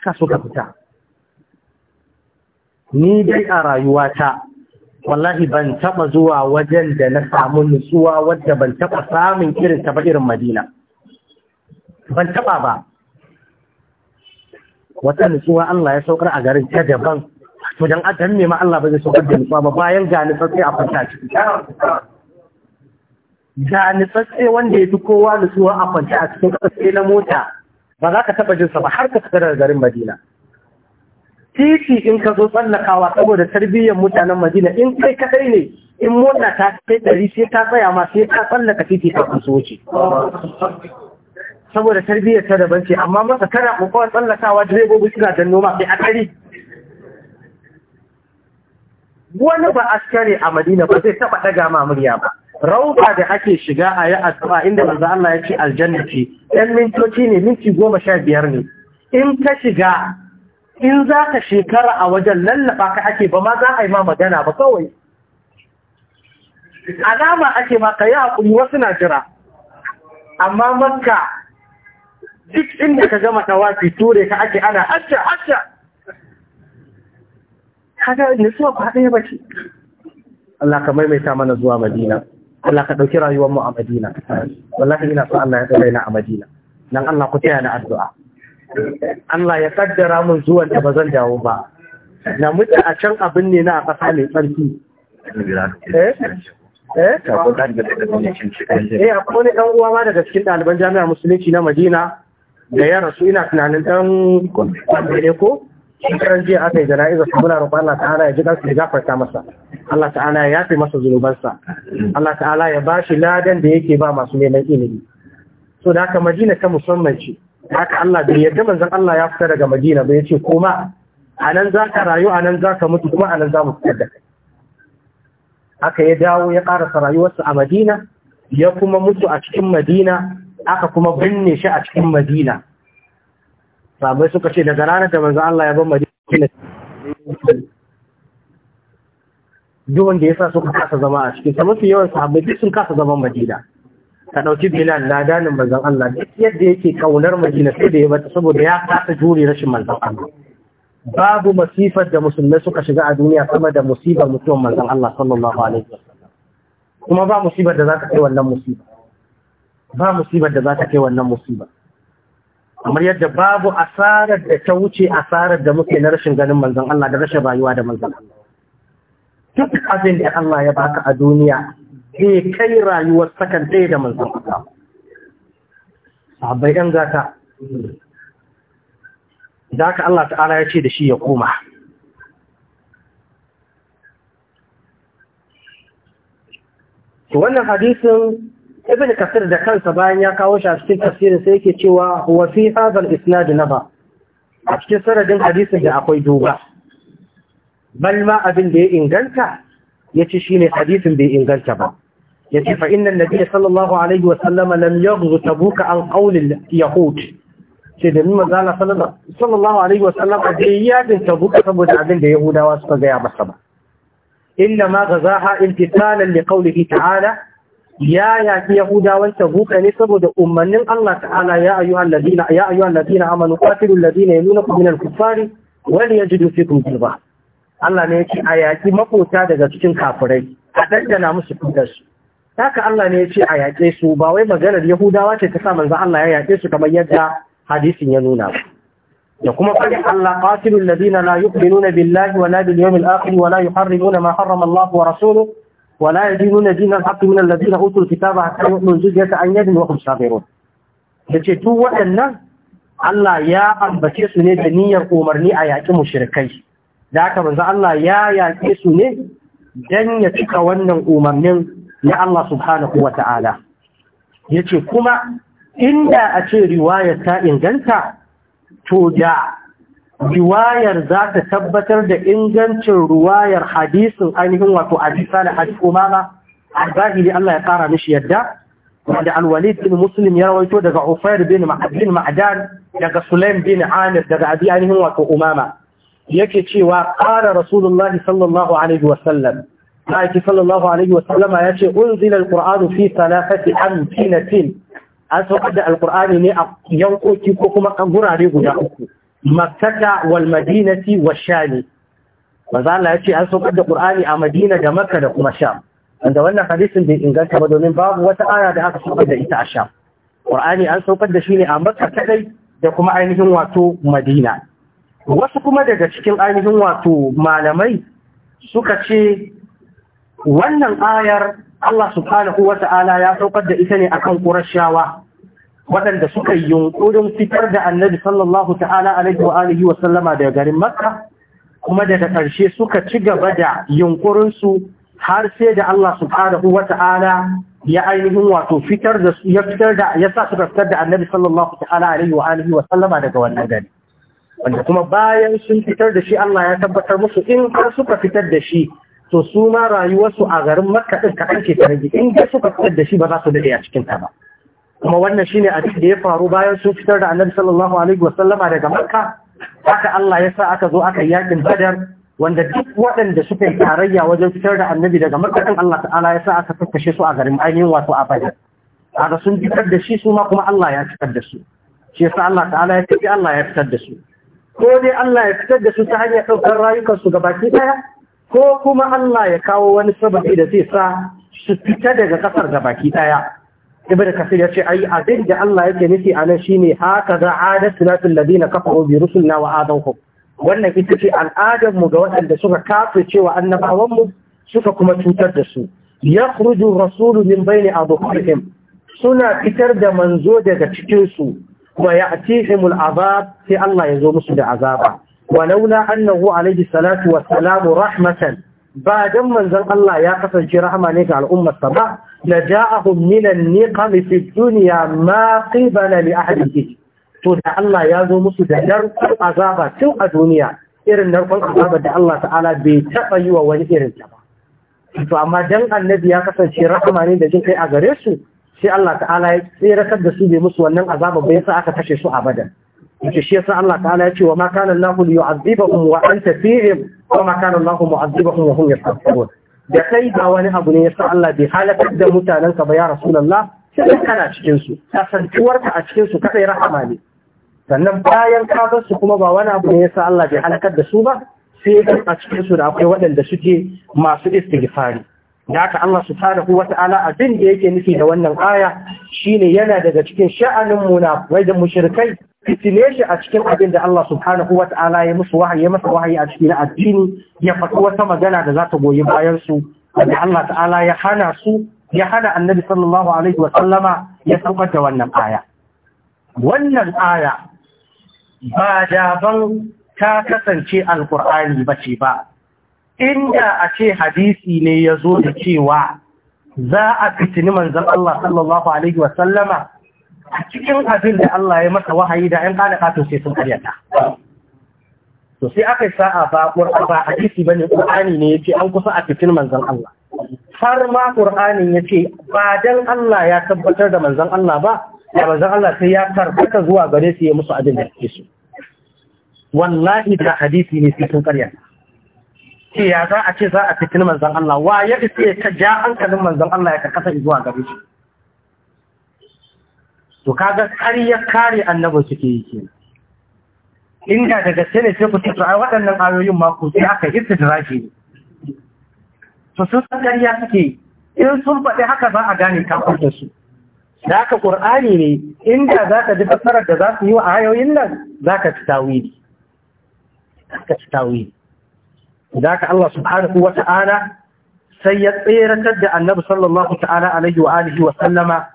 haka suka fita ni dai a rayuwata wallahi ban taba zuwa wajen da na samu nutsuwa wadda ban taba samun irin taba irin madina ban taba ba wata nutsuwa Allah ya saukar a garin ta daban to dan adam ne ma Allah ba zai saukar da nutsuwa ba bayan ga nutsatsai a kwanta ciki ga nutsatsai wanda ya fi kowa nutsuwa a kwanta a cikin ƙarfe na mota ba za ka taɓa jin sa ba har ka fita daga garin Madina titi in ka zo tsallakawa saboda tarbiyyar mutanen Madina in kai kadai ne in mota ta kai ɗari sai ta tsaya ma sai ta tsallaka titi ka kusa wuce saboda tarbiyyar ta daban ce amma masa tana kokon tsallakawa direbobi suna da noma sai a kari wani ba askare a Madina ba zai taɓa ɗaga ma murya ba rauba da ake shiga a yi addu'a inda manzo Allah ya ce aljanna ce ɗan mintoci ne minti goma sha biyar ne in ka shiga in za ka shekara a wajen lallaba ka ake ba ma za a yi ma magana ba kawai alama ake ma ka yi haƙuri wasu na jira amma makka duk inda ka gama tawafi ture ka ake ana hajja hajja kaga nisuwa ba ɗaya ba ce Allah ka maimaita mana zuwa Madina Allah ka ɗauki rayuwar mu a Madina wallahi ina so Allah ya tsare ni a Madina dan Allah ku taya ni addu'a Allah ya kaddara mun zuwan da bazan dawo ba na mutu a can abin ne na a ƙasa mai tsarki eh? eh eh akwai wani ɗan uwa ma daga cikin ɗaliban jami'ar musulunci na Madina da ya rasu ina tunanin ɗan ko shekaran jiya aka yi jana'iza su muna roƙon Allah ta'ala ya ji kansu ya gafarta masa Allah ta'ala ya yafe masa zunubansa Allah ta'ala ya bashi ladan da yake ba masu neman ilimi so da haka Madina ta musamman ce haka Allah bai yadda manzon Allah ya fita daga Madina ba a koma za ka rayu a nan za ka mutu kuma a nan za mu fitar da kai aka ya dawo ya karasa rayuwarsa a Madina ya kuma mutu a cikin Madina aka kuma binne shi a cikin Madina sabai suka ce daga ranar da manzo Allah ya ban Madina duk wanda yasa suka kasa zama a cikin mafi yawan sahabai duk sun kasa zaman Madina ka dauki Bilal danin manzon Allah duk yadda yake kaunar Madina sai da ya bata saboda ya kasa jure rashin manzon Allah babu masifar da musulmai suka shiga a duniya sama da musibar mutuwar manzon Allah sallallahu alaihi wasallam kuma ba musibar da za ta kai wannan musiba ba musibar da za ta kai wannan musiba kamar yadda babu asarar da ta wuce asarar da muke na rashin ganin manzon Allah da rashin rayuwa da manzon Allah duk abin da Allah ya baka a duniya zai kai rayuwar sakan ɗaya da manzon Allah sahabbai ɗan gata da aka Allah ta'ala ya ce da shi ya koma wannan hadisin ibn kasir da kansa bayan ya kawo shi a cikin tafsirin sai yake cewa wa fi hadha al-isnad naba a cikin sanadin hadisin da akwai duba bal ma abin da ya inganta yace shine hadisin bai inganta ba yace fa inna an-nabiy sallallahu alaihi wa sallama lam yaghzu tabuka an qawl al-yahud sai da nuna zala sallallahu alaihi wa sallama bai yadin tabuka saboda abin da yahudawa suka gaya masa ba inna ma gazaha imtithalan liqawlihi ta'ala ya yaƙi yahudawan buka ne saboda umarnin Allah ta'ala ya ayyuhal ladina ya ayyuhal ladina amanu qatilul ladina yalunakum minal kuffari wal yajidu fikum ba. Allah ne ce a yaƙi makota daga cikin kafirai a dandana musu kudar su haka Allah ne ce a yaƙe su ba wai maganar yahudawa ce ta sa manzo Allah ya yaƙe su kamar yadda hadisin ya nuna da kuma fadin Allah qatilul ladina la yu'minuna billahi wa la bil yawmil akhir wa la yuharrimuna ma harrama Allah wa rasuluhu ولا يدينون دين الحق من الذين أوتوا الكتاب حتى يؤمنوا الجزية عن يد وهم صابرون yace duk waɗannan Allah ya ambace su ne da niyyar umarni a yaƙi mushrikai da haka manzo Allah ya yaƙe su ne dan ya cika wannan umarnin na Allah subhanahu wata'ala yace kuma inda a ce riwaya ta inganta to da riwayar za ta tabbatar da ingancin ruwayar hadisin ainihin wato hadisa da hadis umama al-zahiri Allah ya kara mishi yadda wanda al-walid bin muslim ya rawaito daga ufair bin ma'adin ma'adan daga sulaim bin amir daga abi ainihin wato umama yake cewa qala rasulullah sallallahu alaihi wasallam aiki sallallahu alaihi sallam, ya ce unzila al-qur'an fi thalathati amkinatin an saukar da al ne a yankoki ko kuma kan gurare guda uku makkata wal madinati wa shami manzo Allah ya ce an saukar da Qur'ani a Madina da Makka da kuma Sham wanda wannan hadisin bai inganta ba domin babu wata aya da aka saukar da ita a Sham Qur'ani an saukar da shi ne a Makka kadai da kuma ainihin wato Madina wasu kuma daga cikin ainihin wato malamai suka ce wannan ayar Allah subhanahu wata'ala ya saukar da ita ne akan Qurashawa waɗanda suka yi yunƙurin fitar da annabi sallallahu ta'ala alaihi wa sallama daga garin makka kuma daga ƙarshe suka ci gaba da yunƙurinsu har sai da Allah subhanahu wa ta'ala ya ainihin wato fitar da ya fitar da ya sa suka fitar da annabi sallallahu ta'ala alaihi wa sallama daga wannan gari wanda kuma bayan sun fitar da shi Allah ya tabbatar musu in har suka fitar da shi to su ma rayuwarsu a garin makka ɗin kaɗan ke ta rage in dai suka fitar da shi ba za su daɗe a cikin ta ba kuma wannan shine abin da ya faru bayan sun fitar da annabi sallallahu alaihi wasallama daga makka haka Allah ya sa aka zo aka yakin badar wanda duk waɗanda suka yi tarayya wajen fitar da annabi daga makka Allah ta'ala ya sa aka tattashe su a garin ainihin wato a badar kaga sun fitar da shi su ma kuma Allah ya fitar da su shi yasa Allah ta'ala ya tafi Allah ya fitar da su ko dai Allah ya fitar da su ta hanyar ɗaukar rayukan su gabaki ɗaya ko kuma Allah ya kawo wani sababi da zai sa su fita daga ƙasar gabaki ɗaya ibn kasir ya ce ai abin da Allah yake nufi a nan shine haka za adatuna fil ladina kafaru bi rusulina wa adawhum wannan ita ce al'adar mu ga waɗanda suka kafe cewa annabawan mu suka kuma cutar da su yakhruju rasulu min baini adhhurihim suna fitar da manzo daga cikin su wa ya'tihimul sai Allah ya zo musu da azaba walaula annahu alayhi salatu wa salamu rahmatan ba dan manzon Allah ya kasance rahama ne ga al'ummar sa ba لجاءهم من النقم في الدنيا ما قبل لأحده to da Allah ya zo musu da narkon azaba tun a duniya irin narkon azaba da Allah ta'ala bai taɓa yi wa wani irin ta ba to amma dan annabi ya kasance rahama ne da jin kai a gare su sai Allah ta'ala ya tsirakar da su bai musu wannan azaba bai sa aka kashe su abadan yace shi yasa Allah ta'ala ya ce wa ma kana Allahu liyu'adhibahum wa anta fihim wa ma kana Allahu mu'adhibahum wa hum yastaghfirun da kai ba wani abu ne sa Allah bai halakar da mutanenka ba ya Rasulullah sai kana cikin su kasantuwar a cikin su kai rahama ne sannan bayan ka bar su kuma ba wani abu ne yasa Allah bai halakar da su ba sai a cikin su da akwai waɗanda suke masu istighfari da haka Allah subhanahu wata'ala abin da yake nufi da wannan aya shine yana daga cikin sha'anin munafikai da mushrikai fitile shi a cikin abin da Allah subhanahu wa ta'ala ya musu wahayi masa wahayi a cikin addini ya faɗi wata magana da za ta goyi bayan su da Allah ta'ala ya hana su ya hana annabi sallallahu alaihi wa sallama ya saukar da wannan aya wannan aya ba daban ta kasance alkur'ani ba ce ba inda a ce hadisi ne ya zo da cewa za a fitini manzon Allah sallallahu alaihi wa sallama a cikin abin da Allah ya masa wahayi da ‘yan kada katon sai sun karyata. To sai aka yi sa'a ba ƙur'an ba hadisi ba ne ƙur'ani ne ya ce an kusa a cikin manzan Allah. Har ma ƙur'anin ya ce ba don Allah ya tabbatar da manzan Allah ba, ya manzan Allah sai ya karkata zuwa gare su ya musu abin da ke so. Wallahi da hadisi ne sai sun karyata. Ce ya za a ce za a fitin manzan Allah, wa ya isa ya ta ja hankalin manzan Allah ya karkata zuwa gare su? to kaga ƙarya kare annabi suke yi kenan inda da gaske ne sai ku ce ai waɗannan ayoyin ma ku sai aka da ne to sun san kariya suke yi in sun faɗi haka za a gane kafar da su da haka ƙur'ani ne inda za ka ji fassarar da za su yi wa ayoyin nan za ka ci tawili ka ci tawili da aka Allah subhanahu wa ta'ala sai ya tsere da annabi sallallahu ta'ala alaihi wa alihi wa sallama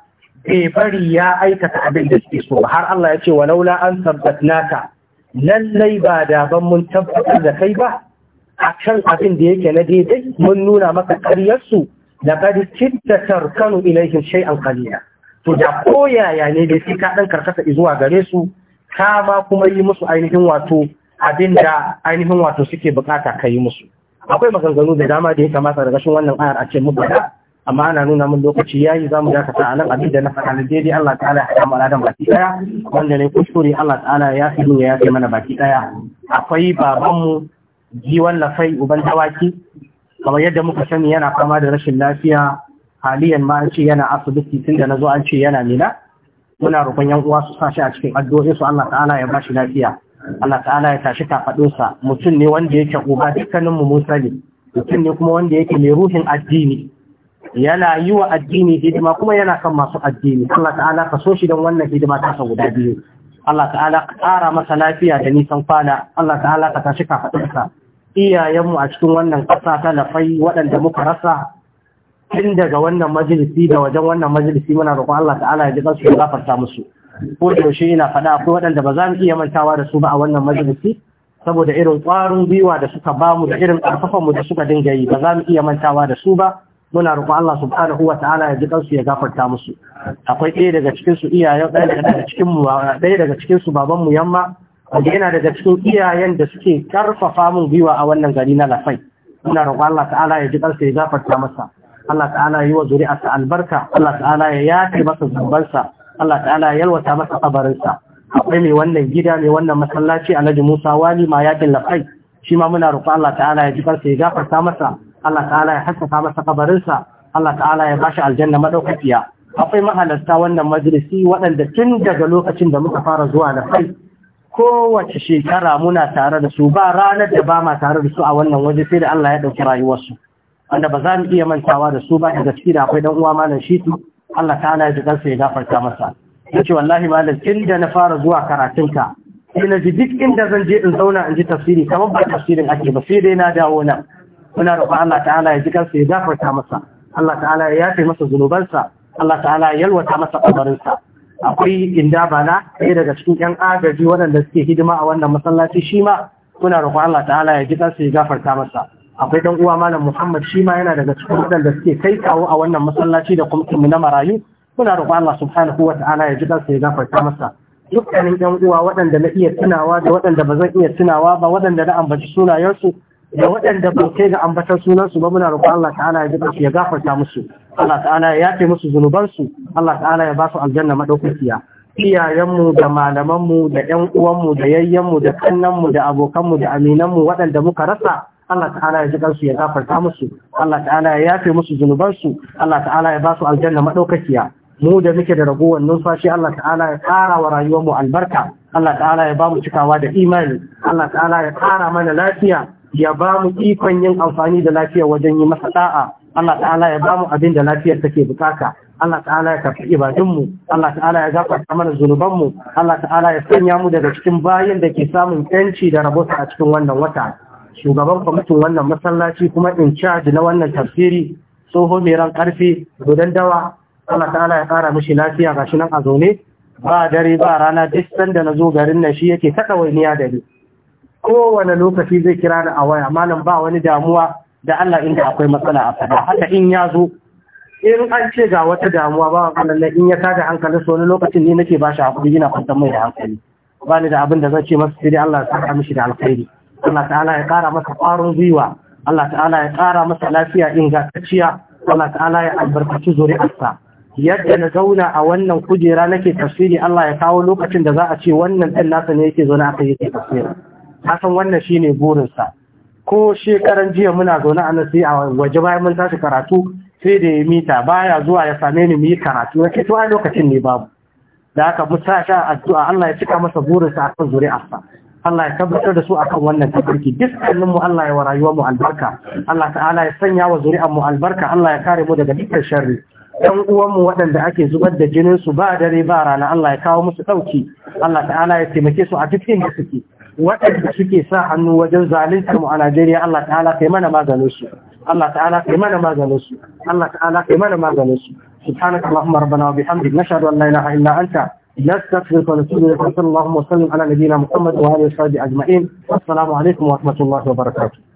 bai bari ya aikata abin da suke so har Allah ya ce wa laula an Nan lallai ba da ban mun tabbatar da kai ba a kan abin da yake na daidai mun nuna maka su da kadi cinta tarkanu ilaihim shay'an qalila to da koyaya ne da sai ka ɗan karkasa zuwa gare su ka ma kuma yi musu ainihin wato abin da ainihin wato suke bukata ka yi musu akwai maganganu da dama da ya kamata daga shin wannan ayar a ce mu bada amma ana nuna min lokaci yayi mu dakata a nan abin da na faɗa na daidai Allah ta'ala ya kama ladan baki ɗaya. wanda ne kuskure Allah ta'ala ya fi ya fi mana baki ɗaya. akwai babanmu jiwon lafai uban tawaki kamar yadda muka sani yana fama da rashin lafiya haliyan ma an ce yana asibiti tun da na zo an ce yana nina muna roƙon yan uwa su sashi a cikin addu'o'i su Allah ta'ala ya bashi lafiya Allah ta'ala ya tashi kafaɗinsa mutum ne wanda yake uba dukkaninmu musali sani mutum ne kuma wanda yake mai ruhin addini yana yi wa addini hidima kuma yana kan masu addini Allah ta'ala ka so shi don wannan hidima ta sa guda biyu Allah ta'ala ka ƙara masa lafiya da nisan kwana Allah ta'ala ka tashi ka faɗinsa iyayenmu a cikin wannan ƙasa ta lafai waɗanda muka rasa tun daga wannan majalisi da wajen wannan majalisi muna roƙon Allah ta'ala ya ji kansu ya gafarta musu ko da yaushe ina faɗa akwai waɗanda ba za mu iya mantawa da su ba a wannan majalisi saboda irin ƙwarin gwiwa da suka bamu da irin ƙarfafanmu da suka dinga yi ba za mu iya mantawa da su ba muna roƙon Allah subhanahu wa ta'ala ya ji kansu ya gafarta musu akwai ɗaya daga cikin su iyayen daga cikin mu ɗaya daga cikin su baban mu yamma wanda yana daga cikin iyayen da suke karfafa mun gwiwa a wannan gari na lafai muna roƙon Allah ta'ala ya ji kansu ya gafarta masa Allah ta'ala ya yi wa zuri'arsa albarka Allah ta'ala ya yafe masa zubansa Allah ta'ala ya yalwata masa kabarinsa akwai mai wannan gida mai wannan masallaci Alhaji Musa Wali ma yakin lafai shi ma muna roƙon Allah ta'ala ya ji ya gafarta masa Allah ta'ala ya haskaka masa kabarinsa Allah ta'ala ya bashi aljanna madaukakiya akwai mahalarta wannan majalisi waɗanda tun daga lokacin da muka fara zuwa da kai kowace shekara muna tare da su ba ranar da ba ma tare da su a wannan waje sai da Allah ya ɗauki rayuwarsu wanda ba za mu iya mantawa da su ba da gaske da akwai dan uwa malam shitu Allah ta'ala ya ji kansa ya gafarta masa yace wallahi malam tun da na fara zuwa karatunka ina ji duk inda zan je in zauna in ji tafsiri kamar ba tafsirin ake ba sai dai na dawo nan muna roƙon Allah ta'ala ya ji kansa ya gafarta masa Allah ta'ala ya yafe masa zunubansa Allah ta'ala ya yalwata masa kabarinsa akwai inda bana ɗaya daga cikin ƴan agaji waɗanda suke hidima a wannan masallaci shi ma muna roƙon Allah ta'ala ya ji kansa ya gafarta masa akwai dan uwa malam Muhammad shi ma yana daga cikin waɗanda suke kai kawo a wannan masallaci da kuma mu na marayu muna roƙon Allah subhanahu wa ta'ala ya ji kansa ya gafarta masa dukkanin ƴan uwa waɗanda na iya tunawa da waɗanda ba zan iya tunawa ba waɗanda na ambaci sunayensu da waɗanda ba kai ga ambatar sunansu ba muna roƙon Allah ta'ala ya su ya gafarta musu Allah ta'ala ya yafe musu zunubansu Allah ta'ala ya ba su aljanna madaukakiya iyayenmu da malamanmu da ƴan uwanmu da yayyenmu da kannanmu da abokanmu da aminanmu waɗanda muka rasa Allah ta'ala ya jiƙa su ya gafarta musu Allah ta'ala ya yafe musu zunubansu Allah ta'ala ya ba su aljanna madaukakiya mu da muke da ragowar numfashi Allah ta'ala ya ƙara wa rayuwar mu albarka Allah ta'ala ya ba mu cikawa da imani Allah ta'ala ya ƙara mana lafiya ya ba mu ikon yin amfani da lafiya wajen yi masa da'a Allah ta'ala ya ba mu abin da lafiyar take bukata Allah ta'ala ya karfi ibadunmu Allah ta'ala ya gafarta mana zunubanmu Allah ta'ala ya sanya mu daga cikin bayan da ke samun yanci da rabota a cikin wannan wata shugaban kwamitin wannan masallaci kuma in charge na wannan tafsiri tsoho mai ran karfi gudan dawa Allah ta'ala ya kara mishi lafiya gashi nan a zaune ba dare ba rana duk sanda na zo garin nan shi yake ta ɗawainiya da ni kowane lokaci zai kira ni a waya malam ba wani damuwa da Allah inda akwai matsala a fada haka in ya zo in an ce ga wata damuwa ba wani nan in ya tada hankali so wani lokacin ne nake bashi hakuri yana kwantar mai da hankali ba ni da abin da zan ce masa sai dai Allah ya sa mishi da alkhairi Allah ta'ala ya kara masa ƙwarin gwiwa Allah ta'ala ya kara masa lafiya ingantacciya Allah ta'ala ya albarkaci zuri'arsa yadda na zauna a wannan kujera nake tafsiri Allah ya kawo lokacin da za a ce wannan ɗan nasa ne yake zo na aka yake tafsiri san wannan shine burinsa ko shekaran jiya muna zaune a nasi a waje bayan mun tashi karatu sai da ya mita baya zuwa ya same ni mu yi karatu ya ce to lokacin ne babu da haka mu sa sha addu'a Allah ya cika masa burinsa akan zuri'arsa Allah ya tabbatar da su akan wannan tafarki dukkanin mu Allah ya wa rayuwar mu albarka Allah ta'ala ya sanya wa zuri'ar mu albarka Allah ya kare mu daga dukkan sharri ɗan mu waɗanda ake zubar da jinin su ba dare ba rana Allah ya kawo musu ɗauki Allah ta'ala ya taimake su a duk da suke waɗanda suke sa hannu wajen zalintarmu a Najeriya Allah ta'ala kai mana maganinsu. Allah ta'ala kai mana maganinsu. Allah ta'ala kai mana maganinsu. Subhanaka Allahumma rabbana wa Hamdi, nasha an la ilaha illa anta nastaghfiruka wa natubu ilayk. Allahumma salli ala nabiyyina Muhammad wa ala alihi wa sahbihi ajma'in. Assalamu alaykum wa rahmatullahi wa barakatuh.